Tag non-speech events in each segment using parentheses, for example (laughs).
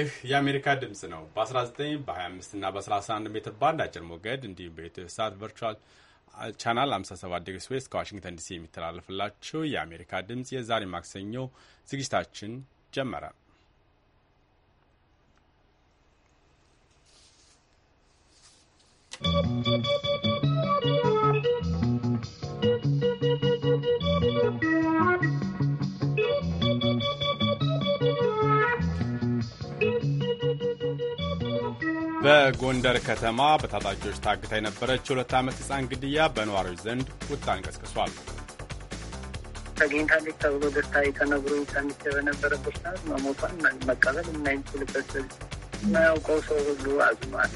ይህ የአሜሪካ ድምፅ ነው። በ19 በ25 እና በ31 ሜትር ባንድ አጭር ሞገድ እንዲሁም በኢትዮ ሳት ቨርቹዋል ቻናል 57 ዲግሪ ስዌስት ከዋሽንግተን ዲሲ የሚተላለፍላችሁ የአሜሪካ ድምፅ የዛሬ ማክሰኞ ዝግጅታችን ጀመረ። Thank you. በጎንደር ከተማ በታጣቂዎች ታግታ የነበረች ሁለት ዓመት ሕፃን ግድያ በነዋሪዎች ዘንድ ውጣን ቀስቅሷል። ተገኝታለች ተብሎ ደስታ የተነግሮ ሰምቼ በነበረበት ሰዓት መሞቷን መቀበል የማይችልበት የማያውቀው ሰው ሁሉ አዝኗል።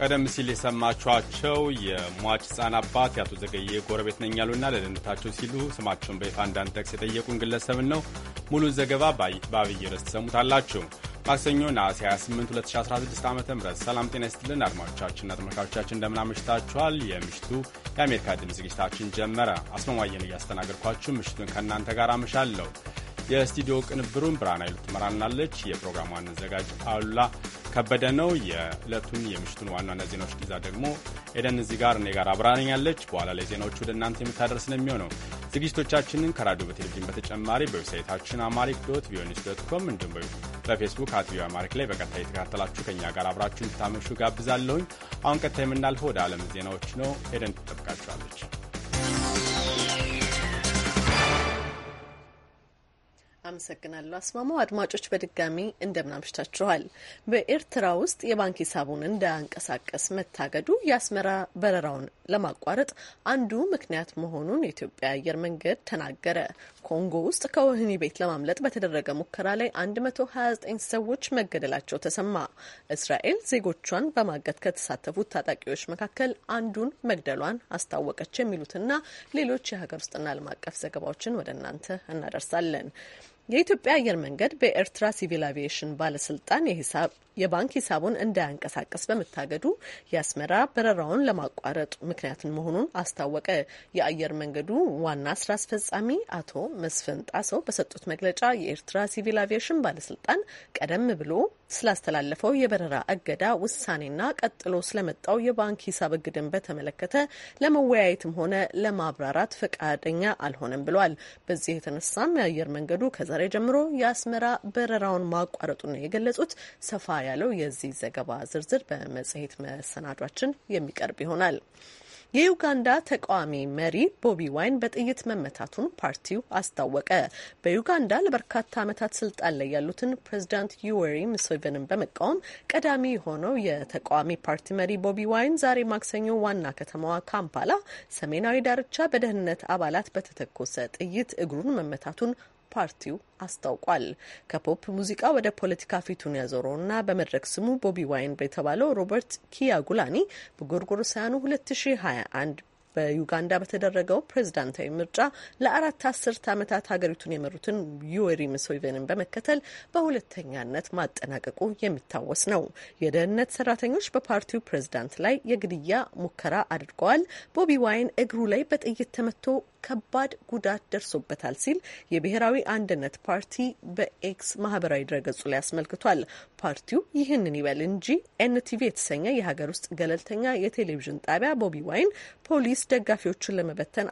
ቀደም ሲል የሰማችኋቸው የሟች ሕፃን አባት የአቶ ዘገየ ጎረቤት ነኝ ያሉና ለደህንነታቸው ሲሉ ስማቸውን በይፋ እንዳንጠቅስ የጠየቁን ግለሰብን ነው። ሙሉን ዘገባ በአብይ ርዕስ ትሰሙታላችሁ። ማክሰኞ ነሐሴ 28 2016 ዓ ም ሰላም ጤና ይስጥልን አድማጮቻችንና ተመልካቾቻችን እንደምናመሽታችኋል። የምሽቱ የአሜሪካ ድምፅ ዝግጅታችን ጀመረ። አስማማየን እያስተናገድኳችሁ ምሽቱን ከእናንተ ጋር አመሻለሁ። የስቱዲዮ ቅንብሩን ብርሃን ኃይሉ ትመራናለች። የፕሮግራሙ ዋና አዘጋጅ አሉላ ከበደ ነው። የዕለቱን የምሽቱን ዋና ዋና ዜናዎች ጊዛ ደግሞ ኤደን እዚህ ጋር እኔ ጋር አብራነኛለች። በኋላ ላይ ዜናዎቹ ወደ እናንተ የምታደርስ ነው የሚሆነው። ዝግጅቶቻችንን ከራዲዮ በቴሌቪዥን በተጨማሪ በዌብሳይታችን አማሪክ ዶት ቪኦኤ ዶት ኮም እንዲሁም በፌስቡክ አት ቪኦኤ አማሪክ ላይ በቀጥታ የተከታተላችሁ ከእኛ ጋር አብራችሁ እንድታመሹ ጋብዛለሁኝ። አሁን ቀጥታ የምናልፈው ወደ ዓለም ዜናዎች ነው። ኤደን ትጠብቃችኋለች። አመሰግናለሁ አስማማው። አድማጮች በድጋሚ እንደምናምሽታችኋል። በኤርትራ ውስጥ የባንክ ሂሳቡን እንዳያንቀሳቀስ መታገዱ የአስመራ በረራውን ለማቋረጥ አንዱ ምክንያት መሆኑን የኢትዮጵያ አየር መንገድ ተናገረ። ኮንጎ ውስጥ ከወህኒ ቤት ለማምለጥ በተደረገ ሙከራ ላይ 129 ሰዎች መገደላቸው ተሰማ። እስራኤል ዜጎቿን በማገት ከተሳተፉት ታጣቂዎች መካከል አንዱን መግደሏን አስታወቀች። የሚሉትና ሌሎች የሀገር ውስጥና ዓለም አቀፍ ዘገባዎችን ወደ እናንተ እናደርሳለን። የኢትዮጵያ አየር መንገድ በኤርትራ ሲቪል አቪዬሽን ባለስልጣን የባንክ ሂሳቡን እንዳያንቀሳቀስ በመታገዱ የአስመራ በረራውን ለማቋረጥ ምክንያትን መሆኑን አስታወቀ። የአየር መንገዱ ዋና ስራ አስፈጻሚ አቶ መስፍን ጣሰው በሰጡት መግለጫ የኤርትራ ሲቪል አቪዬሽን ባለስልጣን ቀደም ብሎ ስላስተላለፈው የበረራ እገዳ ውሳኔና ቀጥሎ ስለመጣው የባንክ ሂሳብ እግድን በተመለከተ ለመወያየትም ሆነ ለማብራራት ፈቃደኛ አልሆነም ብሏል። በዚህ የተነሳም የአየር መንገዱ ከዛ ከዛሬ ጀምሮ የአስመራ በረራውን ማቋረጡ ነው የገለጹት። ሰፋ ያለው የዚህ ዘገባ ዝርዝር በመጽሔት መሰናዷችን የሚቀርብ ይሆናል። የዩጋንዳ ተቃዋሚ መሪ ቦቢ ዋይን በጥይት መመታቱን ፓርቲው አስታወቀ። በዩጋንዳ ለበርካታ ዓመታት ስልጣን ላይ ያሉትን ፕሬዚዳንት ዩዌሪ ሙሴቬንን በመቃወም ቀዳሚ የሆነው የተቃዋሚ ፓርቲ መሪ ቦቢ ዋይን ዛሬ ማክሰኞ ዋና ከተማዋ ካምፓላ ሰሜናዊ ዳርቻ በደህንነት አባላት በተተኮሰ ጥይት እግሩን መመታቱን ፓርቲው አስታውቋል። ከፖፕ ሙዚቃ ወደ ፖለቲካ ፊቱን ያዞረውና በመድረክ ስሙ ቦቢ ዋይን የተባለው ሮበርት ኪያጉላኒ በጎርጎሮሳውያኑ 2021 በዩጋንዳ በተደረገው ፕሬዝዳንታዊ ምርጫ ለአራት አስርት ዓመታት ሀገሪቱን የመሩትን ዩዌሪ ሙሴቬኒን በመከተል በሁለተኛነት ማጠናቀቁ የሚታወስ ነው። የደህንነት ሰራተኞች በፓርቲው ፕሬዝዳንት ላይ የግድያ ሙከራ አድርገዋል። ቦቢ ዋይን እግሩ ላይ በጥይት ተመቶ ከባድ ጉዳት ደርሶበታል ሲል የብሔራዊ አንድነት ፓርቲ በኤክስ ማህበራዊ ድረገጹ ላይ አስመልክቷል። ፓርቲው ይህንን ይበል እንጂ ኤንቲቪ የተሰኘ የሀገር ውስጥ ገለልተኛ የቴሌቪዥን ጣቢያ ቦቢ ዋይን ፖሊስ ደጋፊዎችን ለመበተን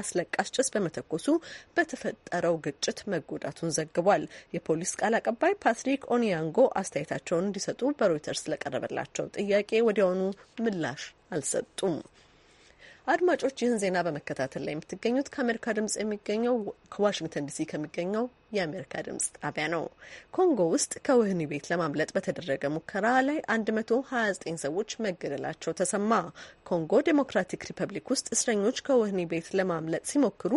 አስለቃሽ ጭስ በመተኮሱ በተፈጠረው ግጭት መጎዳቱን ዘግቧል። የፖሊስ ቃል አቀባይ ፓትሪክ ኦኒያንጎ አስተያየታቸውን እንዲሰጡ በሮይተርስ ለቀረበላቸው ጥያቄ ወዲያውኑ ምላሽ አልሰጡም። አድማጮች ይህን ዜና በመከታተል ላይ የምትገኙት ከአሜሪካ ድምጽ የሚገኘው ከዋሽንግተን ዲሲ ከሚገኘው የአሜሪካ ድምጽ ጣቢያ ነው። ኮንጎ ውስጥ ከወህኒ ቤት ለማምለጥ በተደረገ ሙከራ ላይ 129 ሰዎች መገደላቸው ተሰማ። ኮንጎ ዴሞክራቲክ ሪፐብሊክ ውስጥ እስረኞች ከወህኒ ቤት ለማምለጥ ሲሞክሩ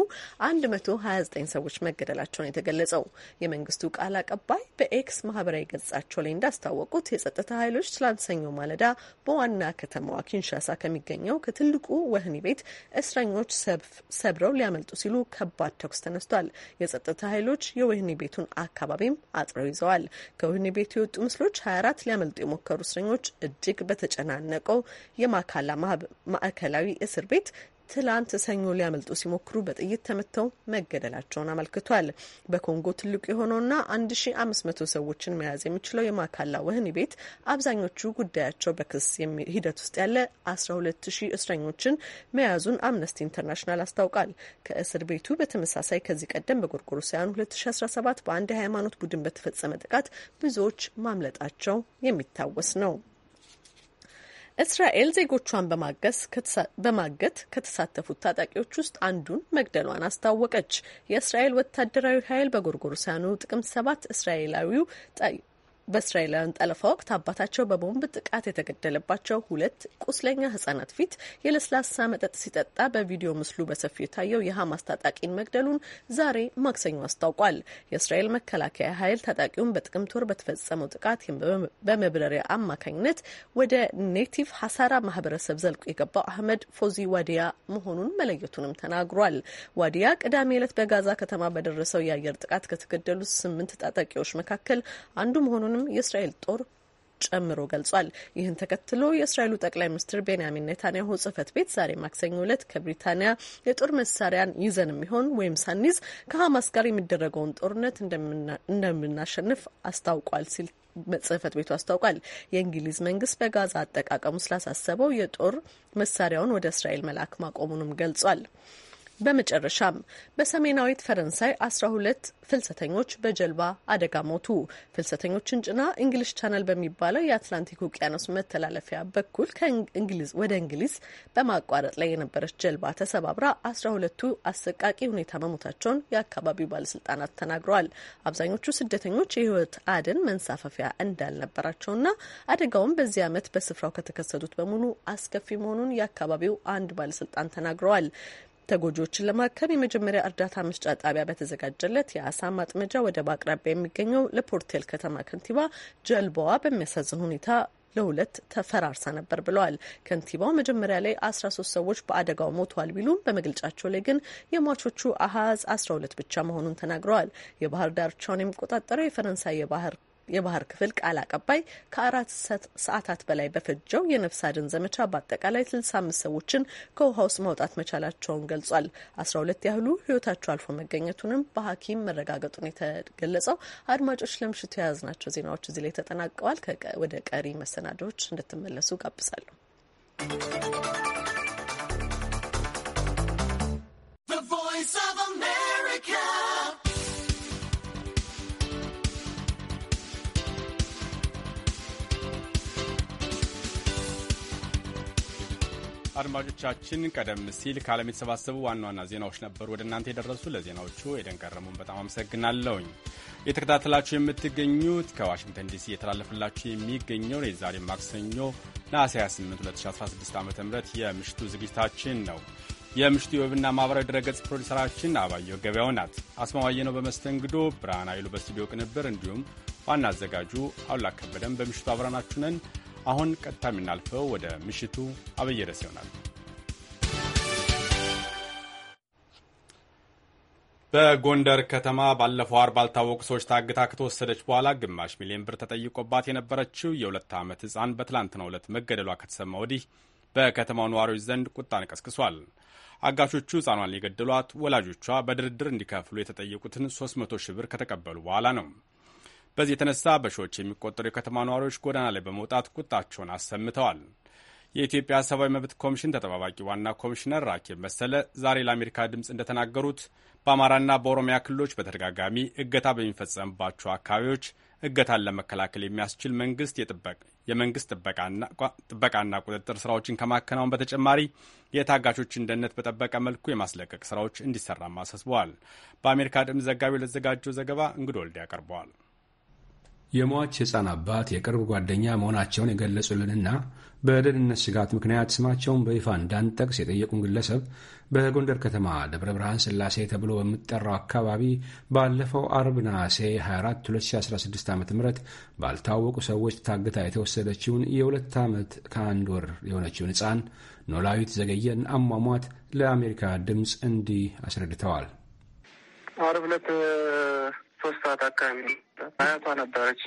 129 ሰዎች መገደላቸውን የተገለጸው የመንግስቱ ቃል አቀባይ በኤክስ ማህበራዊ ገጻቸው ላይ እንዳስታወቁት የጸጥታ ኃይሎች ትላንት ሰኞ ማለዳ በዋና ከተማዋ ኪንሻሳ ከሚገኘው ከትልቁ ወህኒ ቤት እስረኞች ሰብረው ሊያመልጡ ሲሉ ከባድ ተኩስ ተነስቷል። የጸጥታ ኃይሎች የወህኒ ቤቱን አካባቢም አጥረው ይዘዋል። ከወህኒ ቤቱ የወጡ ምስሎች 24 ሊያመልጡ የሞከሩ እስረኞች እጅግ በተጨናነቀው የማካላ ማዕከላዊ እስር ቤት ትላንት ሰኞ ሊያመልጡ ሲሞክሩ በጥይት ተመተው መገደላቸውን አመልክቷል። በኮንጎ ትልቁ የሆነውና 1500 ሰዎችን መያዝ የሚችለው የማካላ ወህኒ ቤት አብዛኞቹ ጉዳያቸው በክስ ሂደት ውስጥ ያለ 120 እስረኞችን መያዙን አምነስቲ ኢንተርናሽናል አስታውቃል። ከእስር ቤቱ በተመሳሳይ ከዚህ ቀደም በጎርጎሮሳውያኑ 2017 በአንድ የሃይማኖት ቡድን በተፈጸመ ጥቃት ብዙዎች ማምለጣቸው የሚታወስ ነው። እስራኤል ዜጎቿን በማገት ከተሳተፉት ታጣቂዎች ውስጥ አንዱን መግደሏን አስታወቀች። የእስራኤል ወታደራዊ ኃይል በጎርጎሮሳውያኑ ጥቅምት ሰባት እስራኤላዊው በእስራኤላውያን ጠለፋ ወቅት አባታቸው በቦምብ ጥቃት የተገደለባቸው ሁለት ቁስለኛ ህጻናት ፊት የለስላሳ መጠጥ ሲጠጣ በቪዲዮ ምስሉ በሰፊው የታየው የሐማስ ታጣቂን መግደሉን ዛሬ ማክሰኞ አስታውቋል። የእስራኤል መከላከያ ኃይል ታጣቂውን በጥቅምት ወር በተፈጸመው ጥቃት በመብረሪያ አማካኝነት ወደ ኔቲቭ ሀሳራ ማህበረሰብ ዘልቆ የገባው አህመድ ፎዚ ዋዲያ መሆኑን መለየቱንም ተናግሯል። ዋዲያ ቅዳሜ ዕለት በጋዛ ከተማ በደረሰው የአየር ጥቃት ከተገደሉት ስምንት ታጣቂዎች መካከል አንዱ መሆኑን መሆኑንም የእስራኤል ጦር ጨምሮ ገልጿል። ይህን ተከትሎ የእስራኤሉ ጠቅላይ ሚኒስትር ቤንያሚን ኔታንያሁ ጽህፈት ቤት ዛሬ ማክሰኞ ዕለት ከብሪታንያ የጦር መሳሪያን ይዘን የሚሆን ወይም ሳንይዝ ከሀማስ ጋር የሚደረገውን ጦርነት እንደምናሸንፍ አስታውቋል ሲል ጽህፈት ቤቱ አስታውቋል። የእንግሊዝ መንግስት በጋዛ አጠቃቀሙ ስላሳሰበው የጦር መሳሪያውን ወደ እስራኤል መላክ ማቆሙንም ገልጿል። በመጨረሻም በሰሜናዊት ፈረንሳይ አስራ ሁለት ፍልሰተኞች በጀልባ አደጋ ሞቱ። ፍልሰተኞችን ጭና እንግሊሽ ቻናል በሚባለው የአትላንቲክ ውቅያኖስ መተላለፊያ በኩል ከእንግሊዝ ወደ እንግሊዝ በማቋረጥ ላይ የነበረች ጀልባ ተሰባብራ አስራ ሁለቱ አሰቃቂ ሁኔታ መሞታቸውን የአካባቢው ባለስልጣናት ተናግረዋል። አብዛኞቹ ስደተኞች የህይወት አድን መንሳፈፊያ እንዳልነበራቸውና አደጋውም በዚህ ዓመት በስፍራው ከተከሰቱት በሙሉ አስከፊ መሆኑን የአካባቢው አንድ ባለስልጣን ተናግረዋል። ተጎጂዎችን ለማከም የመጀመሪያ እርዳታ መስጫ ጣቢያ በተዘጋጀለት የአሳ ማጥመጃ ወደብ አቅራቢያ የሚገኘው ለፖርቴል ከተማ ከንቲባ ጀልባዋ በሚያሳዝን ሁኔታ ለሁለት ተፈራርሳ ነበር ብለዋል። ከንቲባው መጀመሪያ ላይ አስራ ሶስት ሰዎች በአደጋው ሞተዋል ቢሉም በመግለጫቸው ላይ ግን የሟቾቹ አሀዝ 12 ብቻ መሆኑን ተናግረዋል። የባህር ዳርቻውን የሚቆጣጠረው የፈረንሳይ የባህር የባህር ክፍል ቃል አቀባይ ከአራት ሰዓታት በላይ በፈጀው የነፍስ አድን ዘመቻ በአጠቃላይ 65 ሰዎችን ከውሃ ውስጥ ማውጣት መቻላቸውን ገልጿል። ሁለት ያህሉ ህይወታቸው አልፎ መገኘቱንም በሐኪም መረጋገጡን የተገለጸው። አድማጮች ለምሽቱ የያዝናቸው ዜናዎች እዚህ ላይ ተጠናቀዋል። ወደ ቀሪ መሰናዶዎች እንድትመለሱ ጋብዛለሁ። አድማጮቻችን ቀደም ሲል ከዓለም የተሰባሰቡ ዋና ዋና ዜናዎች ነበሩ ወደ እናንተ የደረሱ። ለዜናዎቹ ኤደን ቀረሙን በጣም አመሰግናለውኝ። የተከታተላችሁ የምትገኙት ከዋሽንግተን ዲሲ የተላለፈላችሁ የሚገኘው የዛሬ ማክሰኞ ነሐሴ 28 2016 ዓ ም የምሽቱ ዝግጅታችን ነው። የምሽቱ የወብና ማኅበራዊ ድረገጽ ፕሮዲሰራችን አባየሁ ገበያው ናት። አስማማየ ነው በመስተንግዶ፣ ብርሃን አይሉ በስቱዲዮ ቅንብር፣ እንዲሁም ዋና አዘጋጁ አሉላ ከበደን በምሽቱ አብረናችሁ ነን። አሁን ቀጥታ የምናልፈው ወደ ምሽቱ አበየረስ ይሆናል። በጎንደር ከተማ ባለፈው አርብ ባልታወቁ ሰዎች ታግታ ከተወሰደች በኋላ ግማሽ ሚሊዮን ብር ተጠይቆባት የነበረችው የሁለት ዓመት ሕፃን በትላንትናው ዕለት መገደሏ ከተሰማ ወዲህ በከተማው ነዋሪዎች ዘንድ ቁጣን ቀስቅሷል። አጋቾቹ ሕፃኗን የገደሏት ወላጆቿ በድርድር እንዲከፍሉ የተጠየቁትን 300 ሺህ ብር ከተቀበሉ በኋላ ነው። በዚህ የተነሳ በሺዎች የሚቆጠሩ የከተማ ነዋሪዎች ጎዳና ላይ በመውጣት ቁጣቸውን አሰምተዋል። የኢትዮጵያ ሰብአዊ መብት ኮሚሽን ተጠባባቂ ዋና ኮሚሽነር ራኬብ መሰለ ዛሬ ለአሜሪካ ድምፅ እንደተናገሩት በአማራና በኦሮሚያ ክልሎች በተደጋጋሚ እገታ በሚፈጸምባቸው አካባቢዎች እገታን ለመከላከል የሚያስችል መንግስት የመንግስት ጥበቃና ቁጥጥር ስራዎችን ከማከናወን በተጨማሪ የታጋቾችን ደህንነት በጠበቀ መልኩ የማስለቀቅ ስራዎች እንዲሰራም አሳስበዋል። በአሜሪካ ድምፅ ዘጋቢ ለተዘጋጀው ዘገባ እንግዶ ወልድ ያቀርበዋል። የሟች ሕፃን አባት የቅርብ ጓደኛ መሆናቸውን የገለጹልንና በደህንነት ስጋት ምክንያት ስማቸውን በይፋ እንዳንጠቅስ የጠየቁን ግለሰብ በጎንደር ከተማ ደብረ ብርሃን ስላሴ ተብሎ በሚጠራው አካባቢ ባለፈው አርብ ነሐሴ 24 2016 ዓ ም ባልታወቁ ሰዎች ታግታ የተወሰደችውን የሁለት ዓመት ከአንድ ወር የሆነችውን ሕፃን ኖላዊት ዘገየን አሟሟት ለአሜሪካ ድምፅ እንዲህ አስረድተዋል። አርብ ዕለት ሶስት ሰዓት አካባቢ አያቷ ነበረች።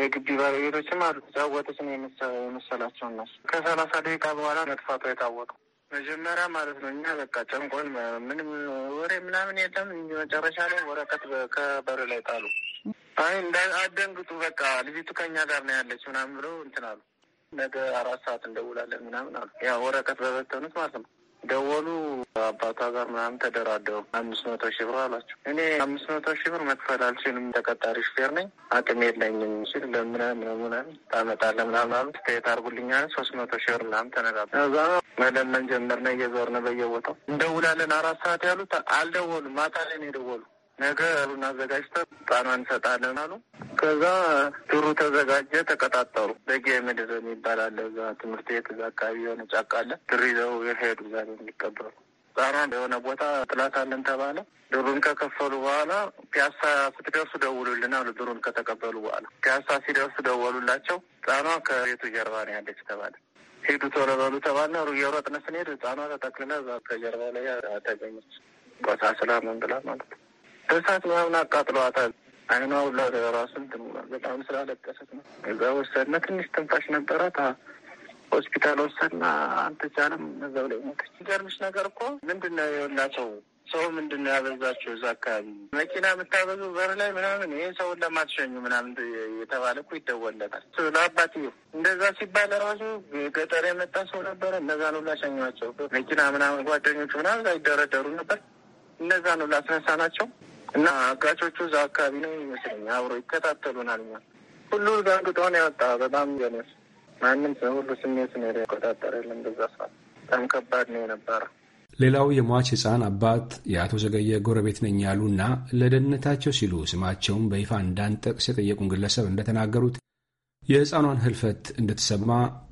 የግቢ ባለቤቶችም አሉ። ጫወተች ነው የመሰላቸው እነሱ። ከሰላሳ ደቂቃ በኋላ መጥፋቷ የታወቀው መጀመሪያ ማለት ነው። እኛ በቃ ጨንቆን ምንም ወሬ ምናምን የለም። መጨረሻ ላይ ወረቀት ከበር ላይ ጣሉ። አይ አደንግጡ፣ በቃ ልጅቱ ከኛ ጋር ነው ያለች ምናምን ብለው እንትን አሉ። ነገ አራት ሰዓት እንደውላለን ምናምን አሉ። ያ ወረቀት በበተኑት ማለት ነው። ደወሉ። አባቷ ጋር ምናምን ተደራደሩ። አምስት መቶ ሺህ ብር አላቸው። እኔ አምስት መቶ ሺህ ብር መክፈል አልችልም፣ ተቀጣሪ ሹፌር ነኝ፣ አቅም የለኝም ሲል ለምነ ምናምን ታመጣለህ ምናምን ስተየት አርጉልኛ ሶስት መቶ ሺህ ብር ምናምን ተነጋገርን። ከዛ መለመን ጀመርነ፣ እየዞርነ በየቦታው እንደውላለን። አራት ሰዓት ያሉት አልደወሉም። ማታ ላይ ነው የደወሉ ነገ እህሉን አዘጋጅተህ ጣኗ እንሰጣለን አሉ። ከዛ ድሩ ተዘጋጀ። ተቀጣጠሩ በጌ ምድር የሚባላለ እዛ ትምህርት ቤት እዛ አካባቢ የሆነ ጫካ አለ። ድር ይዘው የሄዱ እዛ የሚቀበሩ ጣና የሆነ ቦታ ጥላታለን ተባለ። ድሩን ከከፈሉ በኋላ ፒያሳ ስትደርሱ ደውሉልን አሉ። ድሩን ከተቀበሉ በኋላ ፒያሳ ሲደርሱ ደወሉላቸው። ጣኗ ከቤቱ ጀርባ ነው ያለች ተባለ። ሄዱ ቶሎ በሉ ተባለ። የሮጥነ ስንሄድ ጣኗ ተጠቅልላ ከጀርባ ላይ ተገኘች። ቆሳስላ ምን ብላ ማለት ነው በእሳት ምናምን አቃጥለዋታል። አይኗ ሁላ ራሱ እንትን በጣም ስራ ስላለቀሰት ነው። ከዛ ወሰድና ትንሽ ትንፋሽ ነበራት ሆስፒታል ወሰድና አልተቻለም። እዛው ላይ ሞተች። ገርምሽ ነገር እኮ ምንድን ነው የወላቸው ሰው ምንድን ነው ያበዛቸው? እዛ አካባቢ መኪና የምታበዙ በር ላይ ምናምን ይህን ሰውን ለማትሸኙ ምናምን የተባለ እኮ ይደወለታል ለአባት እንደዛ ሲባል ራሱ ገጠር የመጣ ሰው ነበረ። እነዛ ነው ላሸኟቸው መኪና ምናምን ጓደኞቹ ምናምን አይደረደሩ ነበር። እነዛ ነው ላስነሳ ናቸው። እና አጋቾቹ እዛ አካባቢ ነው ይመስለኛ አብሮ ይከታተሉናል። ሁሉ ዘንግጦን ያወጣ በጣም ገነስ ማንም ሰው ሁሉ ስሜት ነው ይቆጣጠረልን። በዛ ሰዓት በጣም ከባድ ነው የነበረ። ሌላው የሟች ሕፃን አባት የአቶ ዘገየ ጎረቤት ነኝ ያሉና ለደህንነታቸው ሲሉ ስማቸውን በይፋ እንዳንጠቅስ የጠየቁን ግለሰብ እንደተናገሩት የሕፃኗን ሕልፈት እንደተሰማ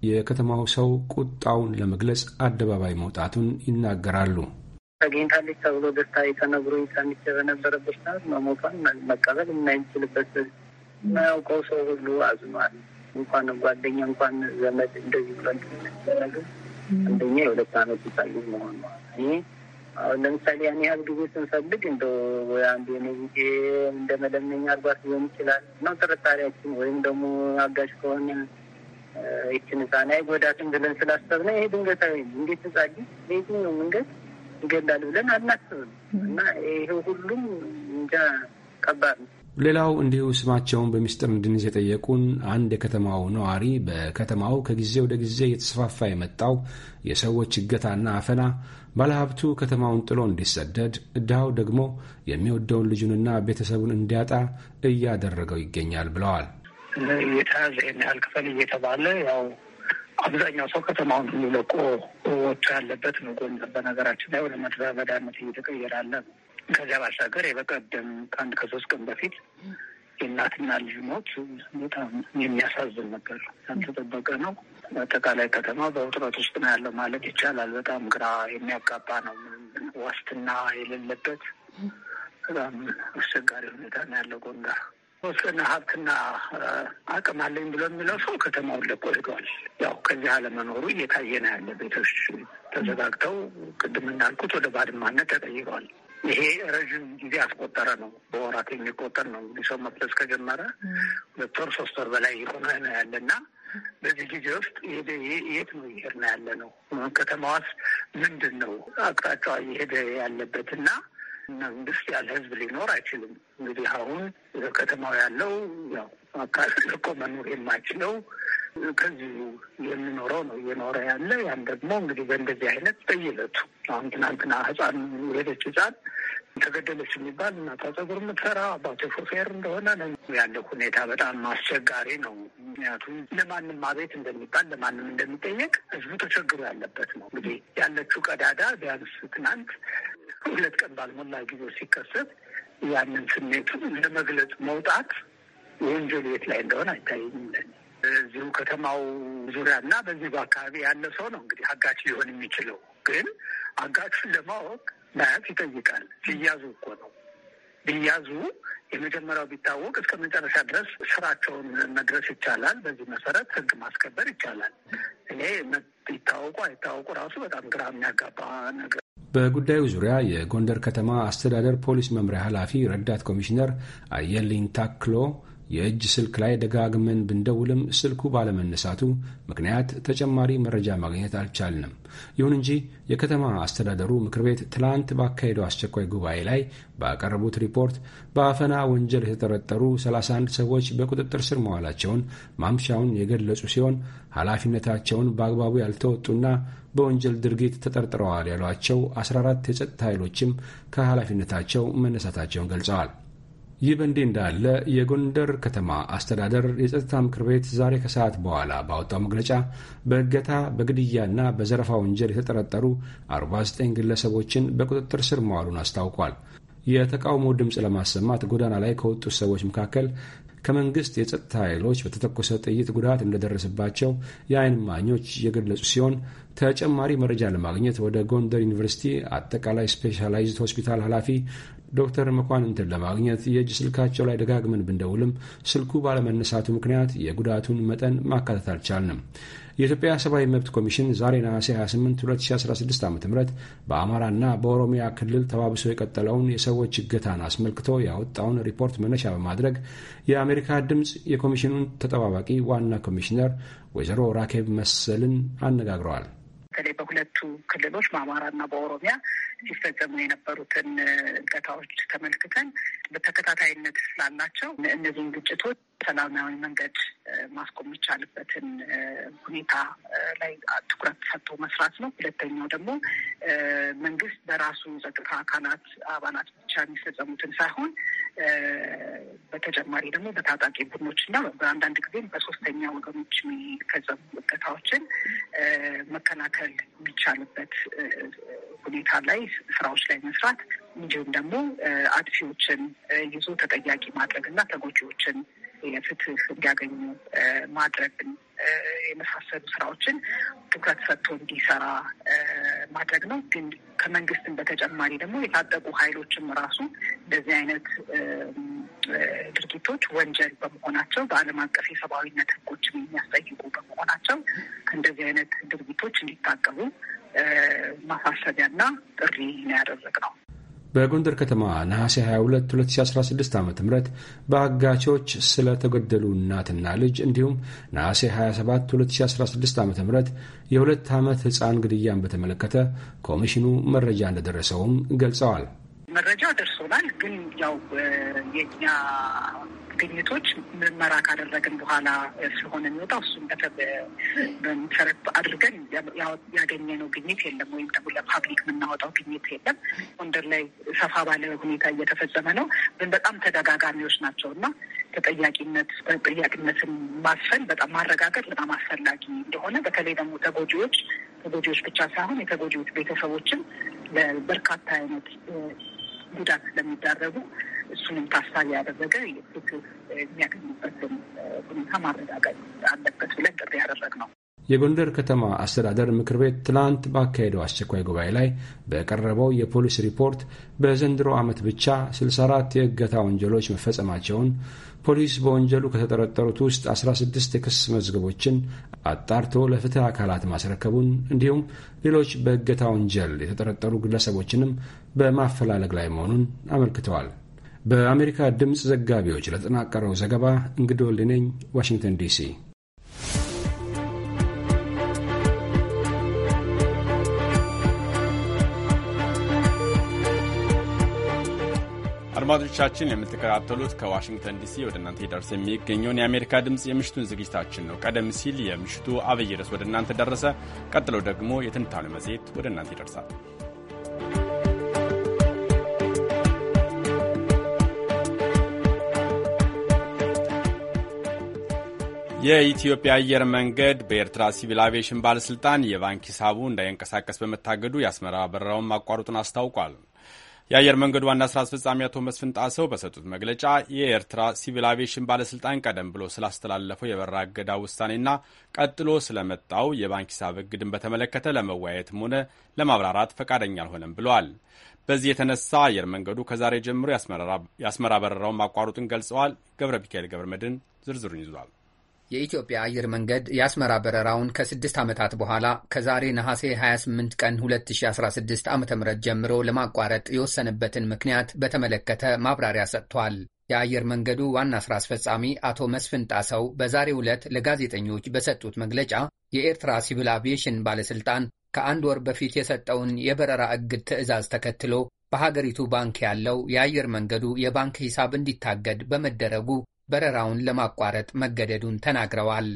የከተማው ሰው ቁጣውን ለመግለጽ አደባባይ መውጣቱን ይናገራሉ። ተገኝታለች ተብሎ ደስታ የተነግሮ ሰምቼ በነበረበት ሰዓት መሞቷን መቀበል የማይችልበት የማያውቀው ሰው ሁሉ አዝኗል። እንኳን ጓደኛ እንኳን ዘመድ እንደዚህ ብሎ ነገር አንደኛ የሁለት ዓመት ይሳል መሆን ነው። ይህ አሁን ለምሳሌ ያን ያህል ጊዜ ስንፈልግ እንደ አንድ የኔ እንደ መለመኛ አርጓት ሊሆን ይችላል ነው ጥርጣሬያችን። ወይም ደግሞ አጋዥ ከሆነ ይችን ህፃን አይጎዳትም ብለን ስላሰብነ ይሄ ድንገታዊ እንዴት ህጻ የትኛው መንገድ ይገላል ብለን አናስብም እና ይሄ ሁሉም እንጃ ከባድ ነው። ሌላው እንዲሁ ስማቸውን በሚስጥር እንድንይዝ የጠየቁን አንድ የከተማው ነዋሪ በከተማው ከጊዜ ወደ ጊዜ እየተስፋፋ የመጣው የሰዎች እገታና አፈና ባለሀብቱ ከተማውን ጥሎ እንዲሰደድ፣ ድሃው ደግሞ የሚወደውን ልጁንና ቤተሰቡን እንዲያጣ እያደረገው ይገኛል ብለዋል። ይህን ያህል ክፈል እየተባለ ያው አብዛኛው ሰው ከተማውን ሁሉ ለቆ ወጥቶ ያለበት ነው። ጎንደር በነገራችን ላይ ወደ ምድረ በዳነት እየተቀየረ አለ። ከዚያ ባሻገር የበቀደም ከአንድ ከሶስት ቀን በፊት የእናትና ልጅ ሞት በጣም የሚያሳዝን ነበር። ያልተጠበቀ ነው። በአጠቃላይ ከተማ በውጥረት ውስጥ ነው ያለው ማለት ይቻላል። በጣም ግራ የሚያጋባ ነው። ዋስትና የሌለበት በጣም አስቸጋሪ ሁኔታ ነው ያለው ጎንደር። ወሰነ ሀብትና አቅም አለኝ ብሎ የሚለው ሰው ከተማውን ለቆ ሄዷል። ያው ከዚህ አለመኖሩ እየታየ ነው ያለ። ቤቶች ተዘጋግተው ቅድም እንዳልኩት ወደ ባድማነት ተጠይቀዋል። ይሄ ረዥም ጊዜ አስቆጠረ ነው። በወራት የሚቆጠር ነው እንግዲህ ሰው መፍለስ ከጀመረ ሁለት ወር ሶስት ወር በላይ የሆነ ነው ያለና በዚህ ጊዜ ውስጥ የት ነው እየሄድን ያለ ነው? ከተማዋስ ምንድን ነው አቅጣጫዋ እየሄደ ያለበት እና መንግስት ያለ ህዝብ ሊኖር አይችልም። እንግዲህ አሁን ከተማው ያለው ያው አካል እኮ መኖር የማይችለው ከዚሁ የሚኖረው ነው እየኖረ ያለ። ያን ደግሞ እንግዲህ በእንደዚህ አይነት በየለቱ አሁን ትናንትና ህፃን የሄደች ህፃን ተገደለች የሚባል እናቷ ጸጉር የምትሰራ አባቱ ሾፌር እንደሆነ ያለ ሁኔታ በጣም አስቸጋሪ ነው። ምክንያቱም ለማንም አቤት እንደሚባል ለማንም እንደሚጠየቅ ህዝቡ ተቸግሮ ያለበት ነው። እንግዲህ ያለችው ቀዳዳ ቢያንስ ትናንት ሁለት ቀን ባልሞላ ጊዜ ሲከሰት ያንን ስሜቱን ለመግለጽ መውጣት ወንጀሉ የት ላይ እንደሆነ አይታየኝም። በዚሁ ከተማው ዙሪያ እና በዚህ በአካባቢ ያለ ሰው ነው እንግዲህ አጋች ሊሆን የሚችለው። ግን አጋቹን ለማወቅ ማየት ይጠይቃል። ሲያዙ እኮ ነው ቢያዙ የመጀመሪያው ቢታወቅ እስከ መጨረሻ ድረስ ስራቸውን መድረስ ይቻላል። በዚህ መሰረት ህግ ማስከበር ይቻላል። እኔ ይታወቁ አይታወቁ ራሱ በጣም ግራ የሚያጋባ ነገር። በጉዳዩ ዙሪያ የጎንደር ከተማ አስተዳደር ፖሊስ መምሪያ ኃላፊ ረዳት ኮሚሽነር አየሊን ታክሎ የእጅ ስልክ ላይ ደጋግመን ብንደውልም ስልኩ ባለመነሳቱ ምክንያት ተጨማሪ መረጃ ማግኘት አልቻልንም። ይሁን እንጂ የከተማ አስተዳደሩ ምክር ቤት ትላንት ባካሄደው አስቸኳይ ጉባኤ ላይ ባቀረቡት ሪፖርት በአፈና ወንጀል የተጠረጠሩ 31 ሰዎች በቁጥጥር ስር መዋላቸውን ማምሻውን የገለጹ ሲሆን ኃላፊነታቸውን በአግባቡ ያልተወጡና በወንጀል ድርጊት ተጠርጥረዋል ያሏቸው 14 የጸጥታ ኃይሎችም ከኃላፊነታቸው መነሳታቸውን ገልጸዋል። ይህ በእንዲህ እንዳለ የጎንደር ከተማ አስተዳደር የጸጥታ ምክር ቤት ዛሬ ከሰዓት በኋላ ባወጣው መግለጫ በእገታ በግድያና በዘረፋ ወንጀል የተጠረጠሩ 49 ግለሰቦችን በቁጥጥር ስር መዋሉን አስታውቋል። የተቃውሞ ድምፅ ለማሰማት ጎዳና ላይ ከወጡት ሰዎች መካከል ከመንግስት የጸጥታ ኃይሎች በተተኮሰ ጥይት ጉዳት እንደደረሰባቸው የአይን ማኞች የገለጹ ሲሆን ተጨማሪ መረጃ ለማግኘት ወደ ጎንደር ዩኒቨርሲቲ አጠቃላይ ስፔሻላይዝድ ሆስፒታል ኃላፊ ዶክተር መኳንንትን ለማግኘት የእጅ ስልካቸው ላይ ደጋግመን ብንደውልም ስልኩ ባለመነሳቱ ምክንያት የጉዳቱን መጠን ማካተት አልቻልንም። የኢትዮጵያ ሰብአዊ መብት ኮሚሽን ዛሬ ነሐሴ 28 2016 ዓ ም በአማራና በኦሮሚያ ክልል ተባብሶ የቀጠለውን የሰዎች እገታን አስመልክቶ ያወጣውን ሪፖርት መነሻ በማድረግ የአሜሪካ ድምፅ የኮሚሽኑን ተጠባባቂ ዋና ኮሚሽነር ወይዘሮ ራኬብ መሰልን አነጋግረዋል። በተለይ በሁለቱ ክልሎች በአማራና በኦሮሚያ ሲፈጸሙ የነበሩትን እገታዎች ተመልክተን በተከታታይነት ስላላቸው እነዚህን ግጭቶች ሰላማዊ መንገድ ማስቆም የሚቻልበትን ሁኔታ ላይ ትኩረት ሰጥቶ መስራት ነው። ሁለተኛው ደግሞ መንግስት በራሱ ጸጥታ አካላት አባላት ብቻ የሚፈጸሙትን ሳይሆን በተጨማሪ ደግሞ በታጣቂ ቡድኖች እና በአንዳንድ ጊዜም በሶስተኛ ወገኖች የሚፈጸሙ እገታዎችን መከላከል የሚቻልበት ሁኔታ ላይ ስራዎች ላይ መስራት እንዲሁም ደግሞ አጥፊዎችን ይዞ ተጠያቂ ማድረግ እና ተጎጂዎችን የፍትህ እንዲያገኙ ማድረግን የመሳሰሉ ስራዎችን ትኩረት ሰጥቶ እንዲሰራ ማድረግ ነው። ግን ከመንግስትም በተጨማሪ ደግሞ የታጠቁ ኃይሎችም ራሱ እንደዚህ አይነት ድርጊቶች ወንጀል በመሆናቸው በዓለም አቀፍ የሰብአዊነት ህጎች የሚያስጠይቁ በመሆናቸው ከእንደዚህ አይነት ድርጊቶች እንዲታቀቡ ማሳሰቢያና ጥሪ ነው ያደረግ ነው። በጎንደር ከተማ ነሐሴ 22 2016 ዓ ም በአጋቾች ስለተገደሉ እናትና ልጅ እንዲሁም ነሐሴ 27 2016 ዓ ም የሁለት ዓመት ሕፃን ግድያን በተመለከተ ኮሚሽኑ መረጃ እንደደረሰውም ገልጸዋል። መረጃ ደርሶናል። ግን ያው የኛ ግኝቶች ምርመራ ካደረግን በኋላ ስለሆነ የሚወጣው እሱም በመሰረት አድርገን ያገኘነው ግኝት የለም፣ ወይም ደግሞ ለፓብሊክ የምናወጣው ግኝት የለም። ጎንደር ላይ ሰፋ ባለ ሁኔታ እየተፈጸመ ነው፣ ግን በጣም ተደጋጋሚዎች ናቸው እና ተጠያቂነት ተጠያቂነትን ማስፈን በጣም ማረጋገጥ በጣም አስፈላጊ እንደሆነ በተለይ ደግሞ ተጎጂዎች ተጎጂዎች ብቻ ሳይሆን የተጎጂዎች ቤተሰቦችም ለበርካታ አይነት ጉዳት ስለሚዳረጉ እሱንም ታሳቢ ያደረገ የፍትህ የሚያገኙበትን ሁኔታ ማረጋገጥ አለበት ብለን ጥሪ ያደረግ ነው። የጎንደር ከተማ አስተዳደር ምክር ቤት ትላንት ባካሄደው አስቸኳይ ጉባኤ ላይ በቀረበው የፖሊስ ሪፖርት በዘንድሮ ዓመት ብቻ 64 የእገታ ወንጀሎች መፈጸማቸውን ፖሊስ በወንጀሉ ከተጠረጠሩት ውስጥ 16 የክስ መዝገቦችን አጣርቶ ለፍትህ አካላት ማስረከቡን እንዲሁም ሌሎች በእገታ ወንጀል የተጠረጠሩ ግለሰቦችንም በማፈላለግ ላይ መሆኑን አመልክተዋል። በአሜሪካ ድምፅ ዘጋቢዎች ለተጠናቀረው ዘገባ እንግዶ ልነኝ ዋሽንግተን ዲሲ። አድማጮቻችን የምትከታተሉት ከዋሽንግተን ዲሲ ወደ እናንተ ይደርስ የሚገኘውን የአሜሪካ ድምፅ የምሽቱን ዝግጅታችን ነው። ቀደም ሲል የምሽቱ አብይ ርዕስ ወደ እናንተ ደረሰ። ቀጥሎ ደግሞ የትንታኔው መጽሔት ወደ እናንተ ይደርሳል። የኢትዮጵያ አየር መንገድ በኤርትራ ሲቪል አቪዬሽን ባለሥልጣን የባንክ ሂሳቡ እንዳይንቀሳቀስ በመታገዱ የአስመራ በረራውን ማቋረጡን አስታውቋል። የአየር መንገዱ ዋና ስራ አስፈጻሚ አቶ መስፍን ጣሰው በሰጡት መግለጫ የኤርትራ ሲቪል አቪዬሽን ባለሥልጣን ቀደም ብሎ ስላስተላለፈው የበረራ እገዳ ውሳኔና ቀጥሎ ስለመጣው የባንክ ሂሳብ እግድን በተመለከተ ለመወያየትም ሆነ ለማብራራት ፈቃደኛ አልሆነም ብለዋል። በዚህ የተነሳ አየር መንገዱ ከዛሬ ጀምሮ የአስመራ በረራውን ማቋረጡን ገልጸዋል። ገብረ ሚካኤል ገብረ መድን ዝርዝሩን ይዟል። የኢትዮጵያ አየር መንገድ የአስመራ በረራውን ከስድስት ዓመታት በኋላ ከዛሬ ነሐሴ 28 ቀን 2016 ዓ ም ጀምሮ ለማቋረጥ የወሰነበትን ምክንያት በተመለከተ ማብራሪያ ሰጥቷል። የአየር መንገዱ ዋና ሥራ አስፈጻሚ አቶ መስፍን ጣሰው በዛሬ ዕለት ለጋዜጠኞች በሰጡት መግለጫ የኤርትራ ሲቪል አቪዬሽን ባለሥልጣን ከአንድ ወር በፊት የሰጠውን የበረራ እግድ ትዕዛዝ ተከትሎ በሀገሪቱ ባንክ ያለው የአየር መንገዱ የባንክ ሂሳብ እንዲታገድ በመደረጉ በረራውን ለማቋረጥ መገደዱን ተናግረዋል።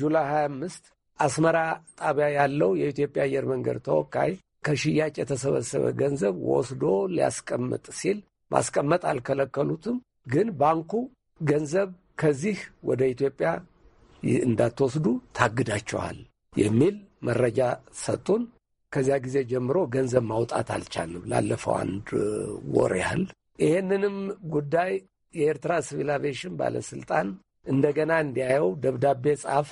ጁላይ 25 አስመራ ጣቢያ ያለው የኢትዮጵያ አየር መንገድ ተወካይ ከሽያጭ የተሰበሰበ ገንዘብ ወስዶ ሊያስቀምጥ ሲል ማስቀመጥ አልከለከሉትም። ግን ባንኩ ገንዘብ ከዚህ ወደ ኢትዮጵያ እንዳትወስዱ ታግዳችኋል የሚል መረጃ ሰጡን። ከዚያ ጊዜ ጀምሮ ገንዘብ ማውጣት አልቻልንም ላለፈው አንድ ወር ያህል። ይህንንም ጉዳይ የኤርትራ ሲቪል አቪዬሽን ባለስልጣን እንደገና እንዲያየው ደብዳቤ ጻፍ።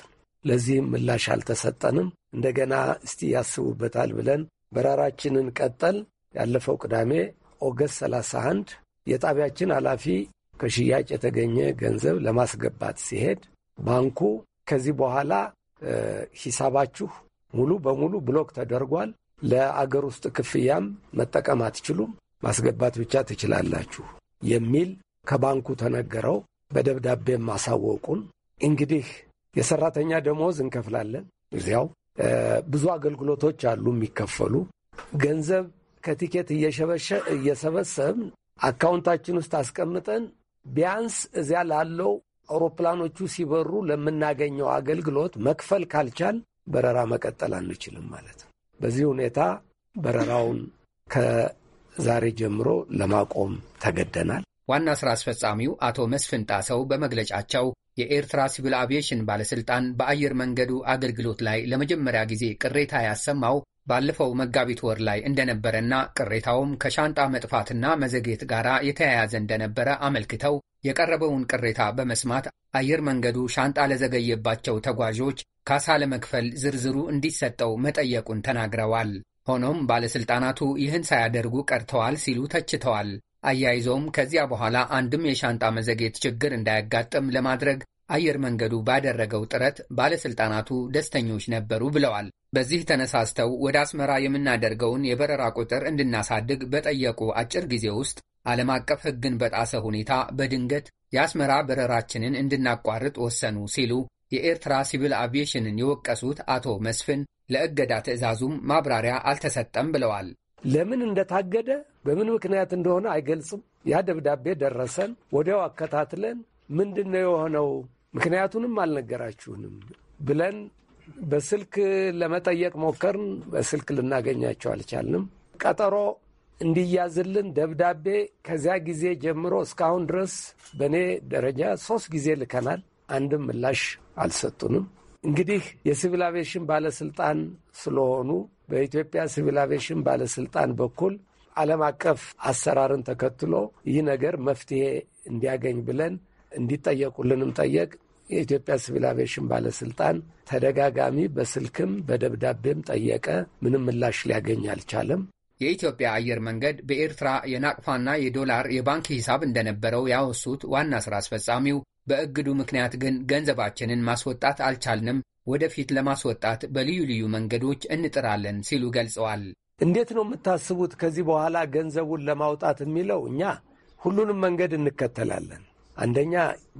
ለዚህም ምላሽ አልተሰጠንም። እንደገና እስቲ ያስቡበታል ብለን በረራችንን ቀጠል። ያለፈው ቅዳሜ ኦገስት 31 የጣቢያችን ኃላፊ ከሽያጭ የተገኘ ገንዘብ ለማስገባት ሲሄድ ባንኩ ከዚህ በኋላ ሂሳባችሁ ሙሉ በሙሉ ብሎክ ተደርጓል፣ ለአገር ውስጥ ክፍያም መጠቀም አትችሉም፣ ማስገባት ብቻ ትችላላችሁ የሚል ከባንኩ ተነገረው፣ በደብዳቤ ማሳወቁን። እንግዲህ የሰራተኛ ደሞዝ እንከፍላለን። እዚያው ብዙ አገልግሎቶች አሉ የሚከፈሉ። ገንዘብ ከቲኬት እየሸበሸ እየሰበሰብን አካውንታችን ውስጥ አስቀምጠን ቢያንስ እዚያ ላለው አውሮፕላኖቹ ሲበሩ ለምናገኘው አገልግሎት መክፈል ካልቻል በረራ መቀጠል አንችልም ማለት ነው። በዚህ ሁኔታ በረራውን ከዛሬ ጀምሮ ለማቆም ተገደናል። ዋና ሥራ አስፈጻሚው አቶ መስፍን ጣሰው በመግለጫቸው የኤርትራ ሲቪል አቪዬሽን ባለሥልጣን በአየር መንገዱ አገልግሎት ላይ ለመጀመሪያ ጊዜ ቅሬታ ያሰማው ባለፈው መጋቢት ወር ላይ እንደነበረና ቅሬታውም ከሻንጣ መጥፋትና መዘግየት ጋር የተያያዘ እንደነበረ አመልክተው የቀረበውን ቅሬታ በመስማት አየር መንገዱ ሻንጣ ለዘገየባቸው ተጓዦች ካሳ ለመክፈል ዝርዝሩ እንዲሰጠው መጠየቁን ተናግረዋል። ሆኖም ባለሥልጣናቱ ይህን ሳያደርጉ ቀርተዋል ሲሉ ተችተዋል። አያይዘውም ከዚያ በኋላ አንድም የሻንጣ መዘግየት ችግር እንዳያጋጥም ለማድረግ አየር መንገዱ ባደረገው ጥረት ባለሥልጣናቱ ደስተኞች ነበሩ ብለዋል። በዚህ ተነሳስተው ወደ አስመራ የምናደርገውን የበረራ ቁጥር እንድናሳድግ በጠየቁ አጭር ጊዜ ውስጥ ዓለም አቀፍ ሕግን በጣሰ ሁኔታ በድንገት የአስመራ በረራችንን እንድናቋርጥ ወሰኑ ሲሉ የኤርትራ ሲቪል አቪዬሽንን የወቀሱት አቶ መስፍን ለእገዳ ትዕዛዙም ማብራሪያ አልተሰጠም ብለዋል። ለምን እንደታገደ በምን ምክንያት እንደሆነ አይገልጽም። ያ ደብዳቤ ደረሰን። ወዲያው አከታትለን ምንድን ነው የሆነው ምክንያቱንም አልነገራችሁንም ብለን በስልክ ለመጠየቅ ሞከርን። በስልክ ልናገኛቸው አልቻልንም። ቀጠሮ እንዲያዝልን ደብዳቤ ከዚያ ጊዜ ጀምሮ እስካሁን ድረስ በእኔ ደረጃ ሶስት ጊዜ ልከናል። አንድም ምላሽ አልሰጡንም። እንግዲህ የሲቪል አቪዬሽን ባለስልጣን ስለሆኑ በኢትዮጵያ ሲቪል አቬሽን ባለስልጣን በኩል ዓለም አቀፍ አሰራርን ተከትሎ ይህ ነገር መፍትሄ እንዲያገኝ ብለን እንዲጠየቁልንም ጠየቅ። የኢትዮጵያ ሲቪል አቬሽን ባለስልጣን ተደጋጋሚ በስልክም በደብዳቤም ጠየቀ። ምንም ምላሽ ሊያገኝ አልቻለም። የኢትዮጵያ አየር መንገድ በኤርትራ የናቅፋና የዶላር የባንክ ሂሳብ እንደነበረው ያወሱት ዋና ስራ አስፈጻሚው፣ በእግዱ ምክንያት ግን ገንዘባችንን ማስወጣት አልቻልንም፣ ወደፊት ለማስወጣት በልዩ ልዩ መንገዶች እንጥራለን ሲሉ ገልጸዋል። እንዴት ነው የምታስቡት ከዚህ በኋላ ገንዘቡን ለማውጣት የሚለው? እኛ ሁሉንም መንገድ እንከተላለን። አንደኛ